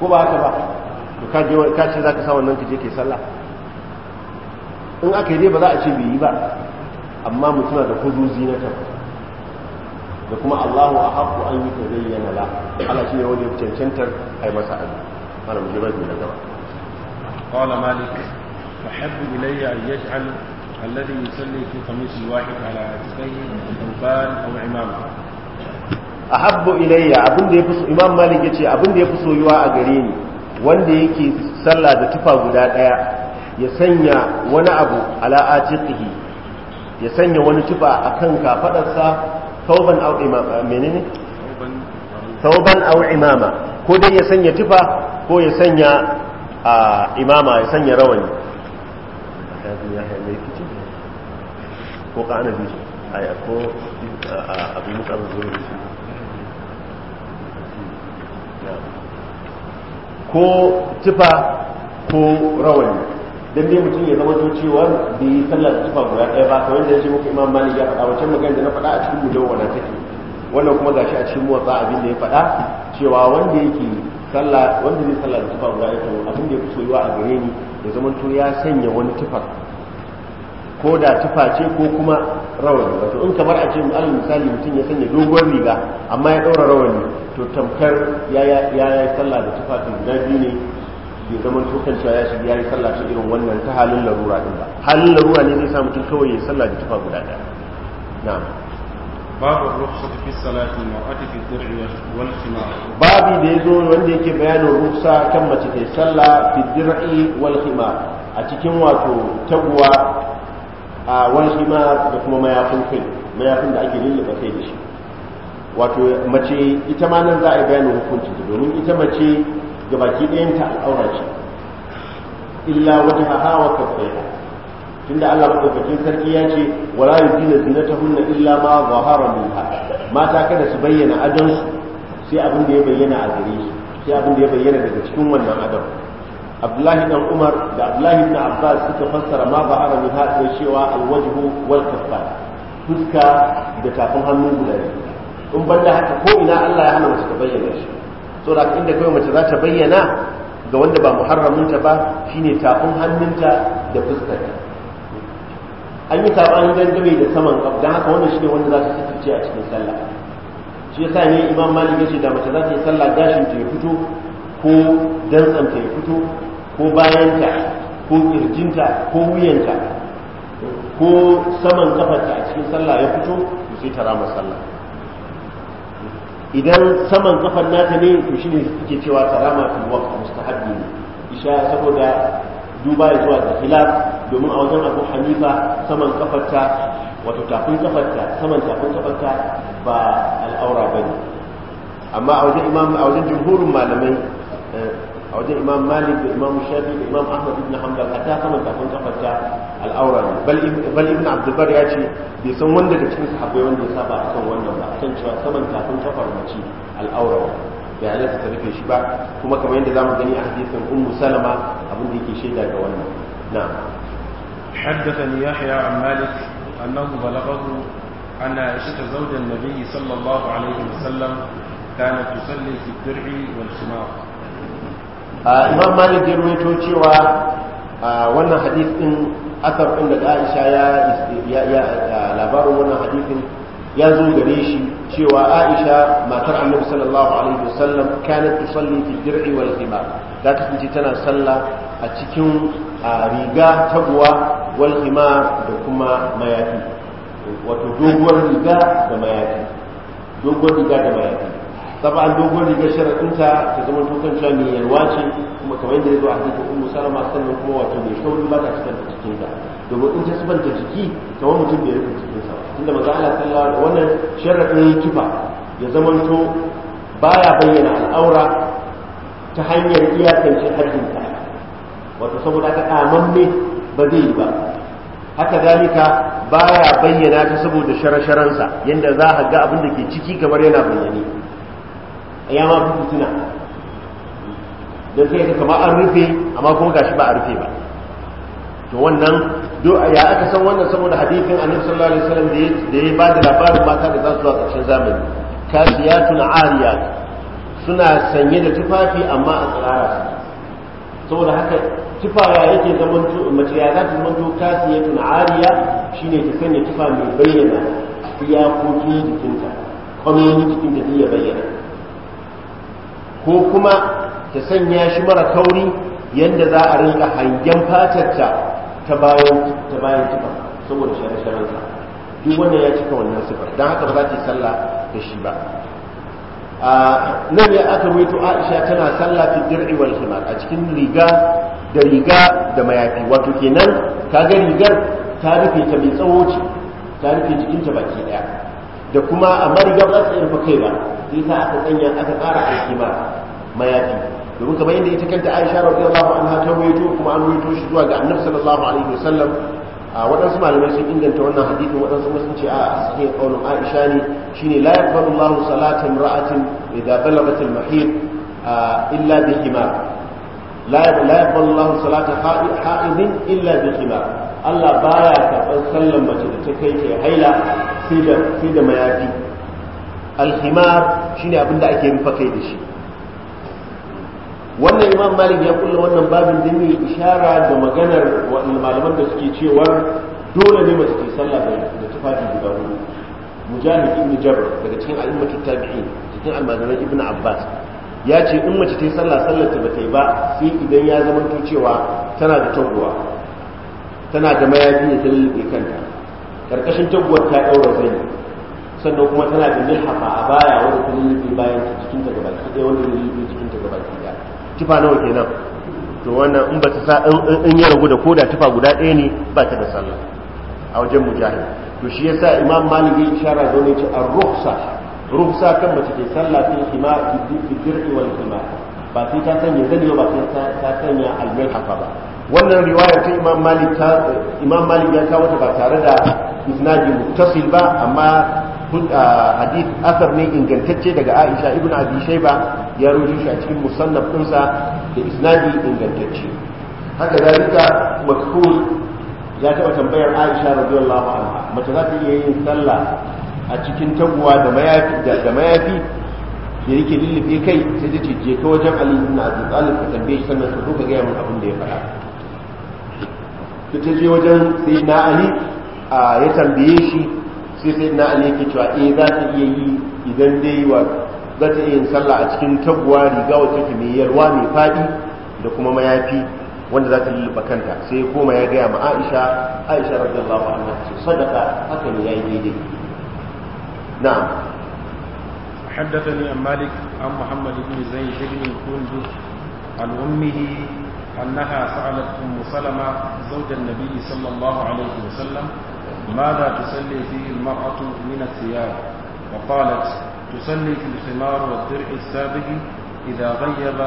ko ba haka ba to ka ce za ka sa wannan ka je ke sallah in aka yi dai ba za a ce bai yi ba amma mutuna da kuduzi na ta da kuma allahu a haku an yi ta zai yana la ala shi ne wani cancantar a yi masa abu ana mu je bai na gaba قال مالك أحب إلي أن يجعل الذي يصلي في قميص الواحد على عاتقيه ثوبان أو عمامة أحب إلي أبن دي فسو إمام مالك يتي أبن دي فسو يوا أغريني ya sanya wani abu ala atiqihi ya sanya wani tufa akan kafadarsa tauban aw imama tauban aw imama ko dai ya sanya tufa ko ya sanya imama ya sanya rawani ko ƙana bi shi a ko abin mutar zuwa shi ko tufa ko rawani dan dai mutum ya zama to cewa da yi sallar tufa guda ɗaya ba kamar da ya ce muku imam malik ya faɗa wancan magana da na faɗa a cikin mujawwana take wannan kuma gashi a cikin motsa abin da ya faɗa cewa wanda yake sallah wanda zai sallah da tufa guda yake abin da ya fi soyuwa a gare ni ya zama to ya sanya wani tufar ko da tufa ce ko kuma rawani wato in kamar a ce alal misali mutum ya sanya doguwar riga amma ya ɗaura rawani to tamkar ya ya ya sallah da ta guda biyu ne bai zama tokan cewa ya shiga ya yi sallah ta irin wannan ta halin larura din ba halin larura ne zai sa mutum kawai ya sallah da tufa guda ɗaya na'am babu rukhsat fi salati ati fi dir'i wal khimar babu da yazo wanda yake bayanin rukhsa kan mace ta sallah fi dir'i wal khimar a cikin wato taguwa a wani shi ma da kuma mayafin kai mayafin da ake lullu kai da shi wato mace ita ma nan za a bayani hukunci domin ita mace ga baki ta al'aura ce illa wata hawa kafaiha tunda Allah madaukakin sarki ya ce wala yudina zinatahunna illa ma zahara minha mata kada su bayyana adansu sai abin da ya bayyana a gare shi sai abin da ya bayyana daga cikin wannan adam abdullahi dan umar da abdullahi ibn abbas suka fassara ma ba arabi ha sai cewa alwajhu wal kaffan fuska da tafin hannu guda in banda haka ko ina Allah ya hana mace ta bayyana shi so da inda kai mace za ta bayyana ga wanda ba ta ba shine tafin hannunta da ta an yi sabanin dangane da saman kaf dan haka wannan shine wanda za ta sitirce a cikin sallah shi yasa ne imam malik ce da mace za ta yi sallah gashin ta ya fito ko dantsanta ya fito ko bayanta ko kirjinta ko wuyanta ko saman kafarta a cikin sallah ya fito to sai ta rama sallah idan saman kafar nata ne to shine suke cewa ta rama fil waqt mustahabbi ne isha saboda duba zuwa da khilaf domin a wajen Abu Hanifa saman kafarta wato tafin kafarta saman tafin kafarta ba al'aura bane amma a wajen imam a wajen jumhurin malamai eh, a wajen imam malik da imam shafi da imam ahmad ibn hanbal ta saman kafin kafarta al'aura ne bal ibn abdulbar ya ce bai san wanda da cikin sahabbai wanda ya saba kan wannan ba akan cewa saman kafin kafar mace al'aura bai halatta ta rufe shi ba kuma kamar yadda zamu gani a hadisin ummu salama abin da yake shaida ga wannan na'am حدثني يحيى عن مالك أنه بلغه أن عائشة زوج النبي صلى الله عليه وسلم كانت تصلي في الدرع والخمار imam malik ya rawaito cewa wannan hadith asar din da aisha ya ya labarin wannan hadithin ya zo gare shi cewa aisha matar annabi sallallahu alaihi wasallam kanat tusalli fi dir'i wal khimar ta kasance tana sallah a cikin riga taguwa wal khimar da kuma mayafi wato doguwar riga da mayafi doguwar riga da mayafi sab'an dogon rigar sharatunta ta zama tukan cewa mai yalwa kuma kamar yadda ya zo a hadisin ummu salama sannan kuma wato mai kauri ba ta cikin cikin ta domin in ta sifanta jiki kamar mutum bai rufe cikin sa tunda maza Allah sallallahu alaihi wannan sharadin kifa ya zamanto baya bayyana al'aura ta hanyar iyakance haddin ta wato saboda haka ne ba zai yi ba haka zalika baya bayyana ta saboda shara-sharansa yadda za a ga abin da ke ciki kamar yana bayyane ya ma fi fitina don sai ka kama an rufe amma kuma gashi ba a rufe ba to wannan ya aka san wannan saboda hadithin annabi sallallahu alaihi wasallam da ya ba da labarin mata da za su zuwa ƙarshen zamani kasiyatun ariya suna sanye da tufafi amma a tsirara saboda haka tufa ya yake to mace ya za ta to kasiyatun ariya shine ta sanya tufa mai bayyana iyakokin jikinta kwamonin jikinta ya bayyana ko kuma ta sanya shi mara kauri yadda za a rinka hangen fatarta ta bayan ta bayan saboda shari'a duk wannan ya cika wannan sifar don haka ba za ta yi sallah da shi ba a nan ya aka waito aisha tana sallah fi dir'i wal a cikin riga da riga da mayafi wato kenan kaga rigar ta rufe ta mai tsawo ta rufe jikinta baki daya da kuma a rigar ba ta rufe kai ba shi yasa aka sanya aka tsara aiki ma mayafi domin kamar yadda ita kanta Aisha radiyallahu anha ta waito kuma an waito shi zuwa ga Annabi sallallahu alaihi wasallam a waɗansu malamai sun inganta wannan hadisin waɗansu sun ce a cikin ƙaunin Aisha ne shine la yaqbalu Allahu salatan ra'atin idza balagat al-mahid illa bi himar la yaqbalu Allahu salata ha'idin illa bi himar Allah baya karɓar sallan mace da ta kai ke haila sai da mayafi alhimar shine abin da ake rufa kai da shi wannan imam malik ya kulla wannan babin din ne ishara da maganar malaman da suke cewar dole ne masu ke sallah da tufafi guda hudu mujahid ibn jabr daga cikin al'ummatu tabi'in cikin al'adunan ibn abbas ya ce in mace ta yi sallah sallar ta bata yi ba sai idan ya zama to cewa tana da taguwa tana da mayafi ta dalilin kanta karkashin taguwar ta daura zai sannan kuma tana da milhafa a baya wanda ta lulluɓe bayan ta cikin ta ki ɗaya wanda ta lulluɓe cikin ta ki ɗaya tufa nawa kenan to wannan in ba ta sa in ya ragu da koda tufa guda ɗaya ne ba ta da sallah a wajen mujahid to shi yasa imam malik ya shara da wani ce a ruhsa ruhsa kan mace ke sallah fil hima fi dirki wal hima ba sai ta sanya zani ba sai ta sanya hafa ba wannan riwayar ta imam malik ta imam malik ya kawo ta ba tare da isnadi muttasil ba amma hadith asar ne ingantacce daga Aisha ibn Abi Shayba ya rubuta shi a cikin musannaf ɗinsa da isnadi ingantacce haka zalika makhul ya taɓa tambayar Aisha radiyallahu anha mace za ta iya yin sallah a cikin taguwa da mayafi da mayafi da yake lullufe kai sai ta ce je ka wajen Ali ibn Abi Talib ka tambaye shi sannan ka zo ka ga mun abin da ya faɗa ta je wajen sayyidina Ali a ya tambaye shi sai sai na ali yake cewa eh za ta iya yi idan dai wa za ta iya yin sallah a cikin taguwa riga wacce ta mai yalwa mai faɗi da kuma mayafi wanda za ta lulluɓa kanta sai ya koma ya gaya ma aisha aisha radiyallahu anha ce sadaka haka ne yayi daidai na'am حدثني عن مالك عن محمد بن زيد بن كندس عن أمه أنها سألت أم سلمة زوج النبي صلى الله عليه وسلم ماذا تصلي فيه المرأة من الثياب وقالت تصلي في الخمار والدرع السابق إذا غيب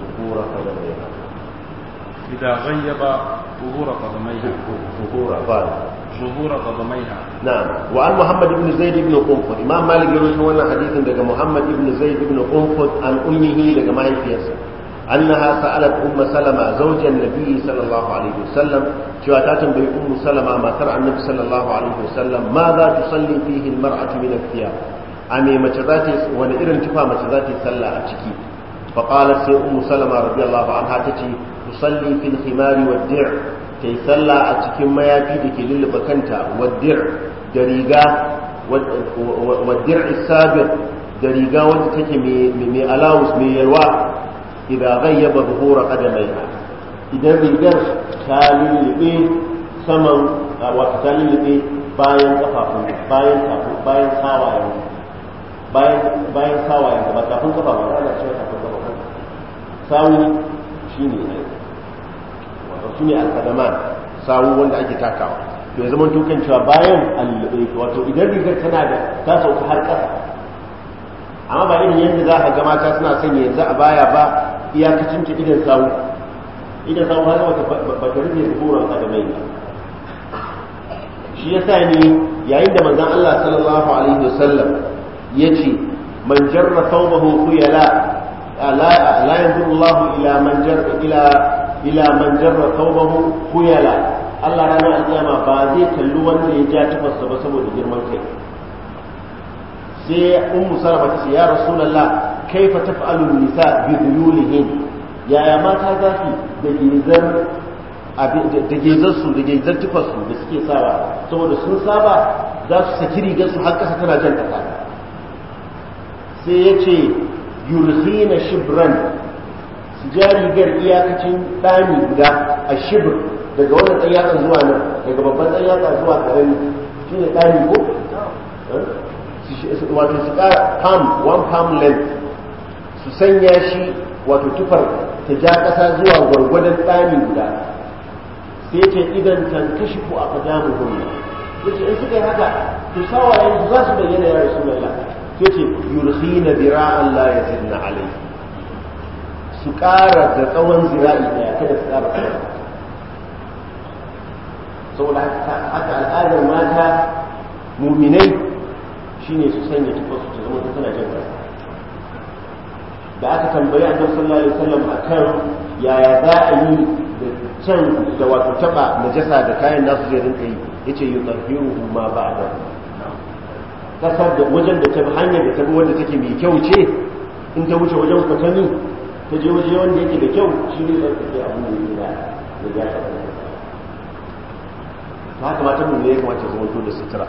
ظهور قدميها إذا غيب ظهور قدميها ظهور ظهور قدميها نعم وعن محمد بن زيد بن قنفذ إمام مالك يروي wannan hadisin daga Muhammad بن زيد بن قنفذ عن أمه لجماعة mahaifiyarsa annaha sa'alat ummu salama zawjan nabi sallallahu alaihi wasallam cewa ta tambayi ummu salama matar annabi sallallahu alaihi wasallam ma za salli fihi almar'atu min athiyab a wani irin tufa mace zata ta sallah a ciki fa sai ummu salama radiyallahu anha tace tusalli fil khimari wad dir' ta sallah a cikin mayafi da ke lulluɓa kanta waddir da riga da riga take mai alawus mai yarwa. idan ghayyaba zuhura qadamaiha idan rigar ta lullube saman wata ta lullube bayan kafafun bayan kafafun bayan sawayen bayan bayan sawayen ba kafin ba ana cewa kafin kafafun sawu shine wato shine alkadaman sawu wanda ake takawa to ya zama tukan cewa bayan allube wato idan rigar tana da ta sauka har ƙasa amma ba irin yadda za a ga mata suna sanya yanzu a baya ba iyakacin ta idan sawu idan sawu har wata ba ta rufe zuhuran adamai ba shi ya yasa ne yayin da manzon Allah sallallahu alaihi wasallam ce, man jarra thawbahu khuyala la la yanzuru Allah ila man jarra ila ila man jarra thawbahu khuyala Allah ranar alƙiyama ba zai kalli wanda ya ja tafasa ba saboda girman kai sai ummu salama ta ce ya rasulullah kaifa taf'alu nisa bi dhuyulihim yaya mata za su da gizar da gizar su da gizar tufar su da suke saba? saboda sun saba za su saki rigar su har kasa tana jan kasa sai yace yurhina shibran su ja rigar iyakacin dani guda a shibr daga wannan ɗan zuwa nan daga babban ɗan yatsa zuwa ƙarami shi ne ɗani ko wato su ƙara palm one palm length su sanya shi wato tufar ta ja ƙasa zuwa gwargwadon ɗani guda sai ce idan can kashi ko a kadamu hunna yace in suka yi haka to sawayen za su bayyana ya rasulullah sai ce yurkhina Allah ya yazinna alai su ƙara da tsawon zira'i ɗaya kada su ƙara ƙara saboda haka al'adar mata muminai shine su sanya tufar su ta zama tana jan ƙasa da aka tambayi annabi sallallahu alaihi wasallam akan yaya za a yi da can da wato taba najasa da kayan nasu zai rinka yi yace yutahhiruhu ma ba'da kasar da wajen da ta hanyar da ta bi wanda take mai kyau ce in ta wuce wajen kwatanni ta je waje wanda yake da kyau shi ne zai take abin da yake da ya ga ta haka mata mu ne ya kamata zama to da sutura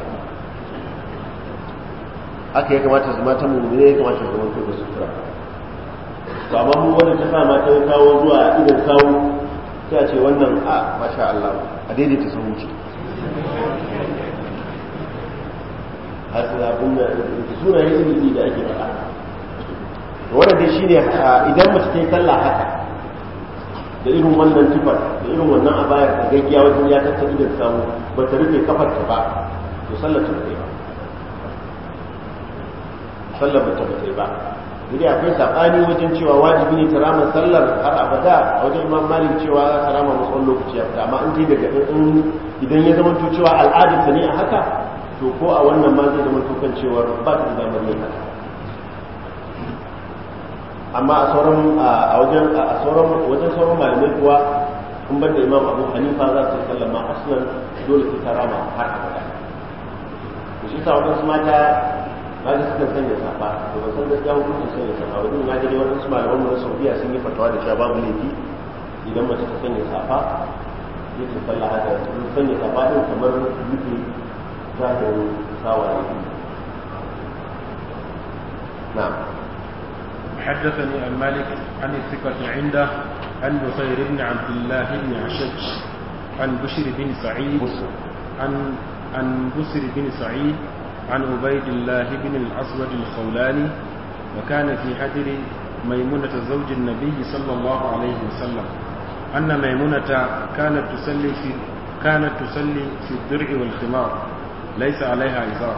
aka ya kamata zama ta mu ne ya kamata zama to da sutura amma mu ta sa mata ya kawo zuwa a idan sawu ta ce wannan a ah, masha Allah a daidaita sahu ce hasilabun da suna yin ilimi da ake a wanda dai shine ah, idan mace ta yi sallah haka da irin wannan tufar da irin wannan bayar da gaggiya wajen ya tatta idan samu ba ta rufe kafarta ba to sallar ta ba sallar ba ta ba sai akwai sabani wajen cewa wajibi ne tarama sallar har abada a wajen imam malik cewa za ta rama wasu lokaci ya amma an ji daga in idan ya zama cewa al'adar ta ne a haka to ko a wannan ma zai zama kan cewa ba ta zama ne haka amma a sauran a wajen a sauran wajen sauran malamai kuwa kun bar da imam abu hanifa za ta sallama aslan dole su tarama har abada shi sa wajen mata kaga suka sanya safa to ba san gaskiya hukuncin sanya safa ba duk ga dai wadansu malaman na Saudiya sun yi fatawa da cewa babu laifi idan mace ta sanya safa yake sallah haka sun sanya safa din kamar rufe zahirin sawaye نعم حدثني عن مالك عن الثقة عنده عن بخير بن عبد الله بن عشج عن بشر بن سعيد عن عن بسر بن سعيد عن عبيد الله بن الأسود الخولاني وكان في حجر ميمونة زوج النبي صلى الله عليه وسلم أن ميمونة كانت تسلي في كانت تسلي في الدرع والخمار ليس عليها إزار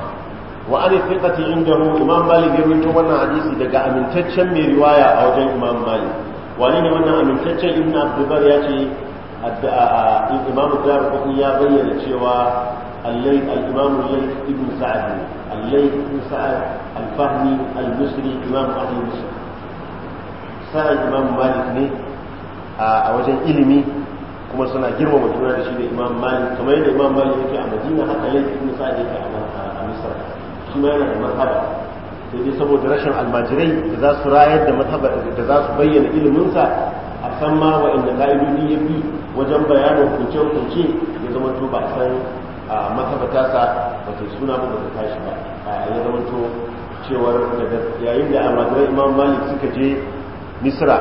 وأن الثقة عنده إمام مالك يروي وانا حديثي دقا أمن تتشم رواية أو جاي إمام مالك وأن وانا أمن تتشم ابن عبد البر يأتي إمام الدار قطني يا بيّن cewa الليل الإمام الليل ابن سعد الليل ابن سعد الفهمي المصري إمام أهل مصر سنة إمام مالك ne a wajen ilimi kuma suna girmama juna da shi da imam malik kamar yadda imam malik yake a madina haka laifi ibn sa'ad yake a misra yana da sai dai saboda rashin almajirai da za su rayar da mazhaba da za su bayyana iliminsa a san ma wa'anda ka'idodi ya bi wajen bayanin kunce-kunce ya zama to ba san a masabata sa ba ta suna ba ta tashi ba a ya zamanto cewar daga yayin da almajiran imam malik suka je misra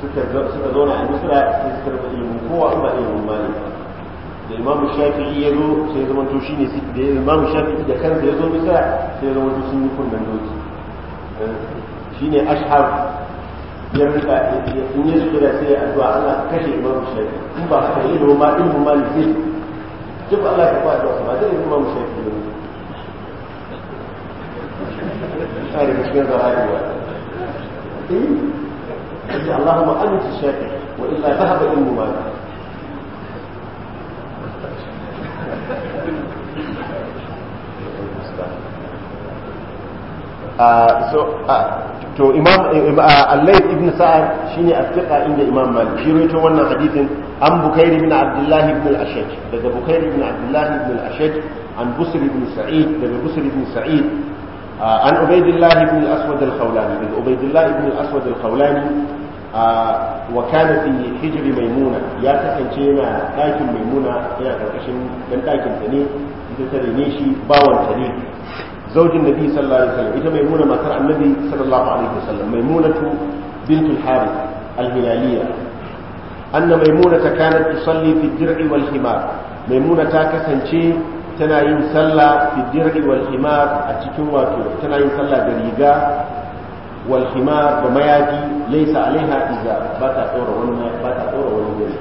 suka zauna a misra sai suka rasa ilimin kowa ba ilimin malik da imam shafi'i ya zo sai zama to ne da imam shafi'i da kansa ya zo misra sai zama to sun yi kunnan doki eh, ne ashhar ya rika in ya sujada sai ya addu'a Allah kashe imam shafi'i in ba haka yi da ma ilimin malik zai شوف الله كفاءة واصل بعدين هم ما مش هيكملون مش اللهم أنت الشاكر وإلا ذهب أمه بعد Thank you. to imam allai ibn sa'ad shine afiqa inda imam malik shi rawaito wannan hadithin an bukairi ibn abdullah ibn al-ashaj daga bukairi ibn abdullah ibn al-ashaj an busri ibn sa'id daga Busri ibn sa'id an ubaidillah ibn al-aswad al-khawlani daga ubaidillah ibn al-aswad al-khawlani wa kana fi hijri maimuna ya kasance yana dakin maimuna yana karkashin dan dakin ta ne ita ta rene shi bawan ta ne zaujin nabi sallallahu alaihi wasallam ita maimuna matar annabi sallallahu alaihi wasallam maimunatu bintul harith al-hilaliya anna maimunata kanat tusalli fi dir'i wal himar maimuna ta kasance tana yin sallah fi dir'i wal a cikin wato tana yin sallah da riga wal himar da mayaki laysa alaiha iza ba wani wani gari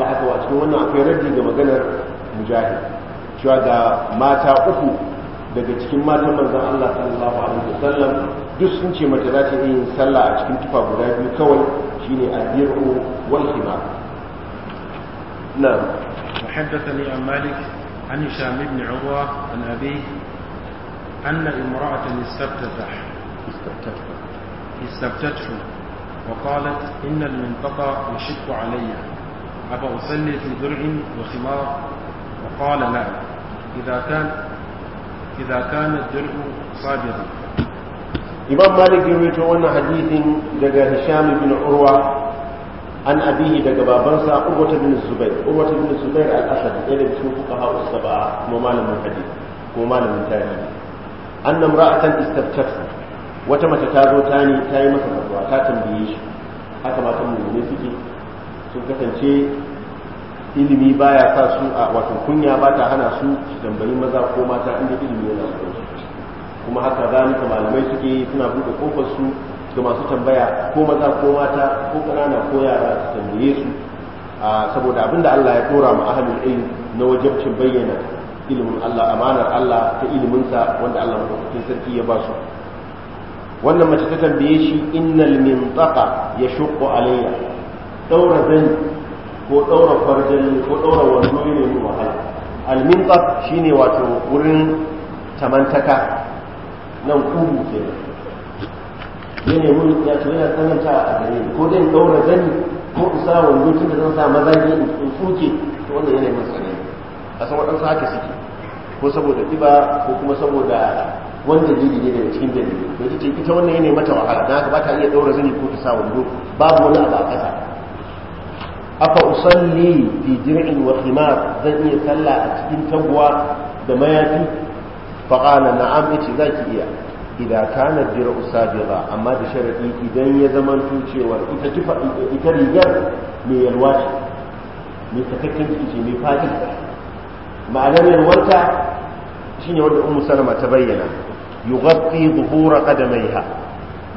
da haka wannan akwai raddi ga maganar mujahid cewa ga mata uku daga cikin matan manzon Allah sallallahu alaihi wasallam duk sun ce mata za ta yi sallah a cikin tufa guda biyu kawai shine adiru wal hima na'am وحدثني عن مالك عن هشام بن عروة عن أبيه أن امرأة استفتتح istabtatah استفتته وقالت إن المنطقة يشق علي أبا أصلي في درع وخمار وقال لا إذا كان idza kana dir'u sabiran imam malik ya wannan hadithin daga hisham bin urwa an abihi daga babansa urwata bin zubair urwata bin zubair al-asad ɗaya daga cikin fuqaha as kuma malamin hadith kuma malamin tarihi annam ra'atan istaftarsa wata mace ta zo ta ne ta yi masa fatwa ta tambaye shi haka matan mu ne suke sun kasance ilimi baya sa su a wato kunya ba ta hana su su tambayi maza ko mata inda ilimi yana su kuma haka zalika malamai suke suna buɗe kofar su ga masu tambaya ko maza ko mata ko ƙanana ko yara su tambaye su saboda da Allah ya kora mu ahlul ilm na wajibcin bayyana ilimin Allah amanar Allah ta iliminsa wanda Allah madaukakin sarki ya ba su wannan mace ta tambaye shi innal mintaqa yashqu alayya daura zani ko ɗaura farjin ko ɗaura wando ne mai wahala alminqaf shine wato wurin tamantaka nan kugu ke ya ne wurin ya ce yana tsananta a gare ni ko zan ɗaura zani ko in sa wando tun da zan sa mazaji in tsuke to wannan yana masu tsanani a san waɗansu haka suke ko saboda ƙiba ko kuma saboda wanda dalili ne daga cikin dalili to ita ce ita wannan yana mata wahala don haka ba ta iya ɗaura zani ko ta sa wando babu wani abu a ƙasa afa usalli fi jir'in wa khimar zan iya sallah a cikin tabuwa da mayafi fa qala na'am ichi zaki iya idan kana dir'u sabiqa amma da sharadi idan ya zamanto cewa ita tufa ita rigar mai yalwa ce mai sakakken jiki ce mai fadi ma'anar yalwarta shine wanda ummu salama ta bayyana yughatti dhuhura qadamaiha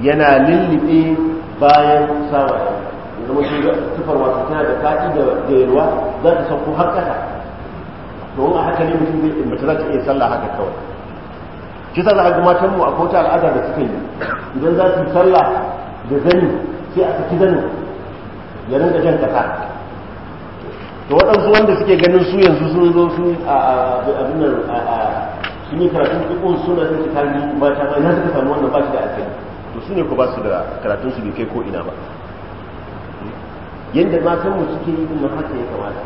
yana lillibe bayan sawaya zama shi tufar wata tana da faɗi da yalwa za ta sauko har to domin a haka ne mutum zai mace za ta iya sallah haka kawai shi sa za a gama matan mu a kota al'ada da suka yi idan za su yi sallah da zani sai a saki zanin ya rinka jan kasa. to waɗansu wanda suke ganin su yanzu sun zo su a abin nan su ne karatun ikon suna sun ci ba ta ma ina suka samu wannan ba shi da asali to su ne ku ba su da karatun su bai kai ko ina ba yadda matan mu suke yi din haka ya kamata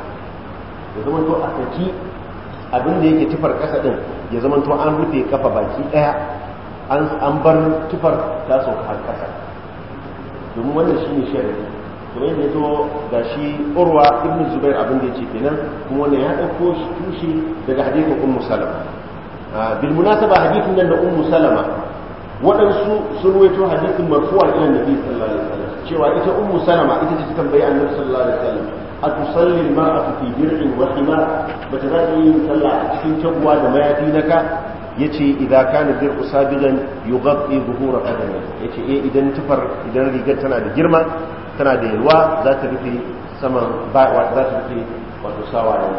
ya zama to a kaki abin da yake tufar kasa din ya zama to an rufe kafa baki ɗaya an bar tufar ta so har kasa domin wannan shine sharadi kuma yadda zo ga shi urwa ibn zubair abin da yake kenan kuma wannan ya ɗauko shi tushe daga hadithin ummu salama bil munasaba hadithin nan da ummu salama waɗansu sun ruwaito hadithin marfu'an ila nabi sallallahu alaihi wasallam cewa ita ummu salama ita ce ta tambayi annabi sallallahu alaihi wasallam a tusalli ma a fi dir'in wa himar ba ta zaɓi yin sallah a cikin tabuwa da mayafi na ka yace idza kana dir'u sabigan yughatti zuhura qadami yace eh idan tufar idan rigar tana da girma tana da yalwa za ta rufe saman ba za ta rufe wato sawaye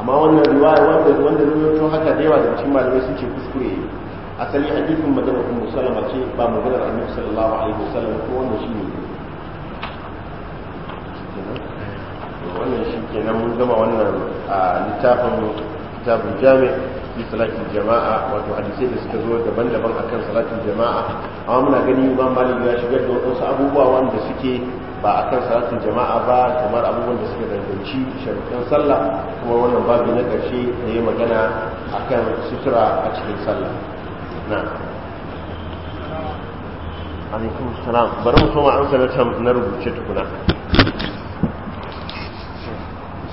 amma wannan riwaya wanda wanda ruwaito haka da yawa da cikin malamai sun ce kuskure asali hadithin magana ummu salama ce ba maganar annabi sallallahu alaihi wasallam ko wanda shine wannan shi kenan mun gama wannan a littafin kitabun jami fi salatin jama'a wato hadisai da suka zo daban-daban akan salatin jama'a amma muna gani imam malik ya shigar da wasu abubuwa wanda suke ba akan salatin jama'a ba kamar abubuwan da suka danganci sharuɗin sallah kuma wannan babu na ƙarshe da ya magana akan sutura a cikin sallah na'am alaikum salam bari mu soma an sanar na rubuce tukuna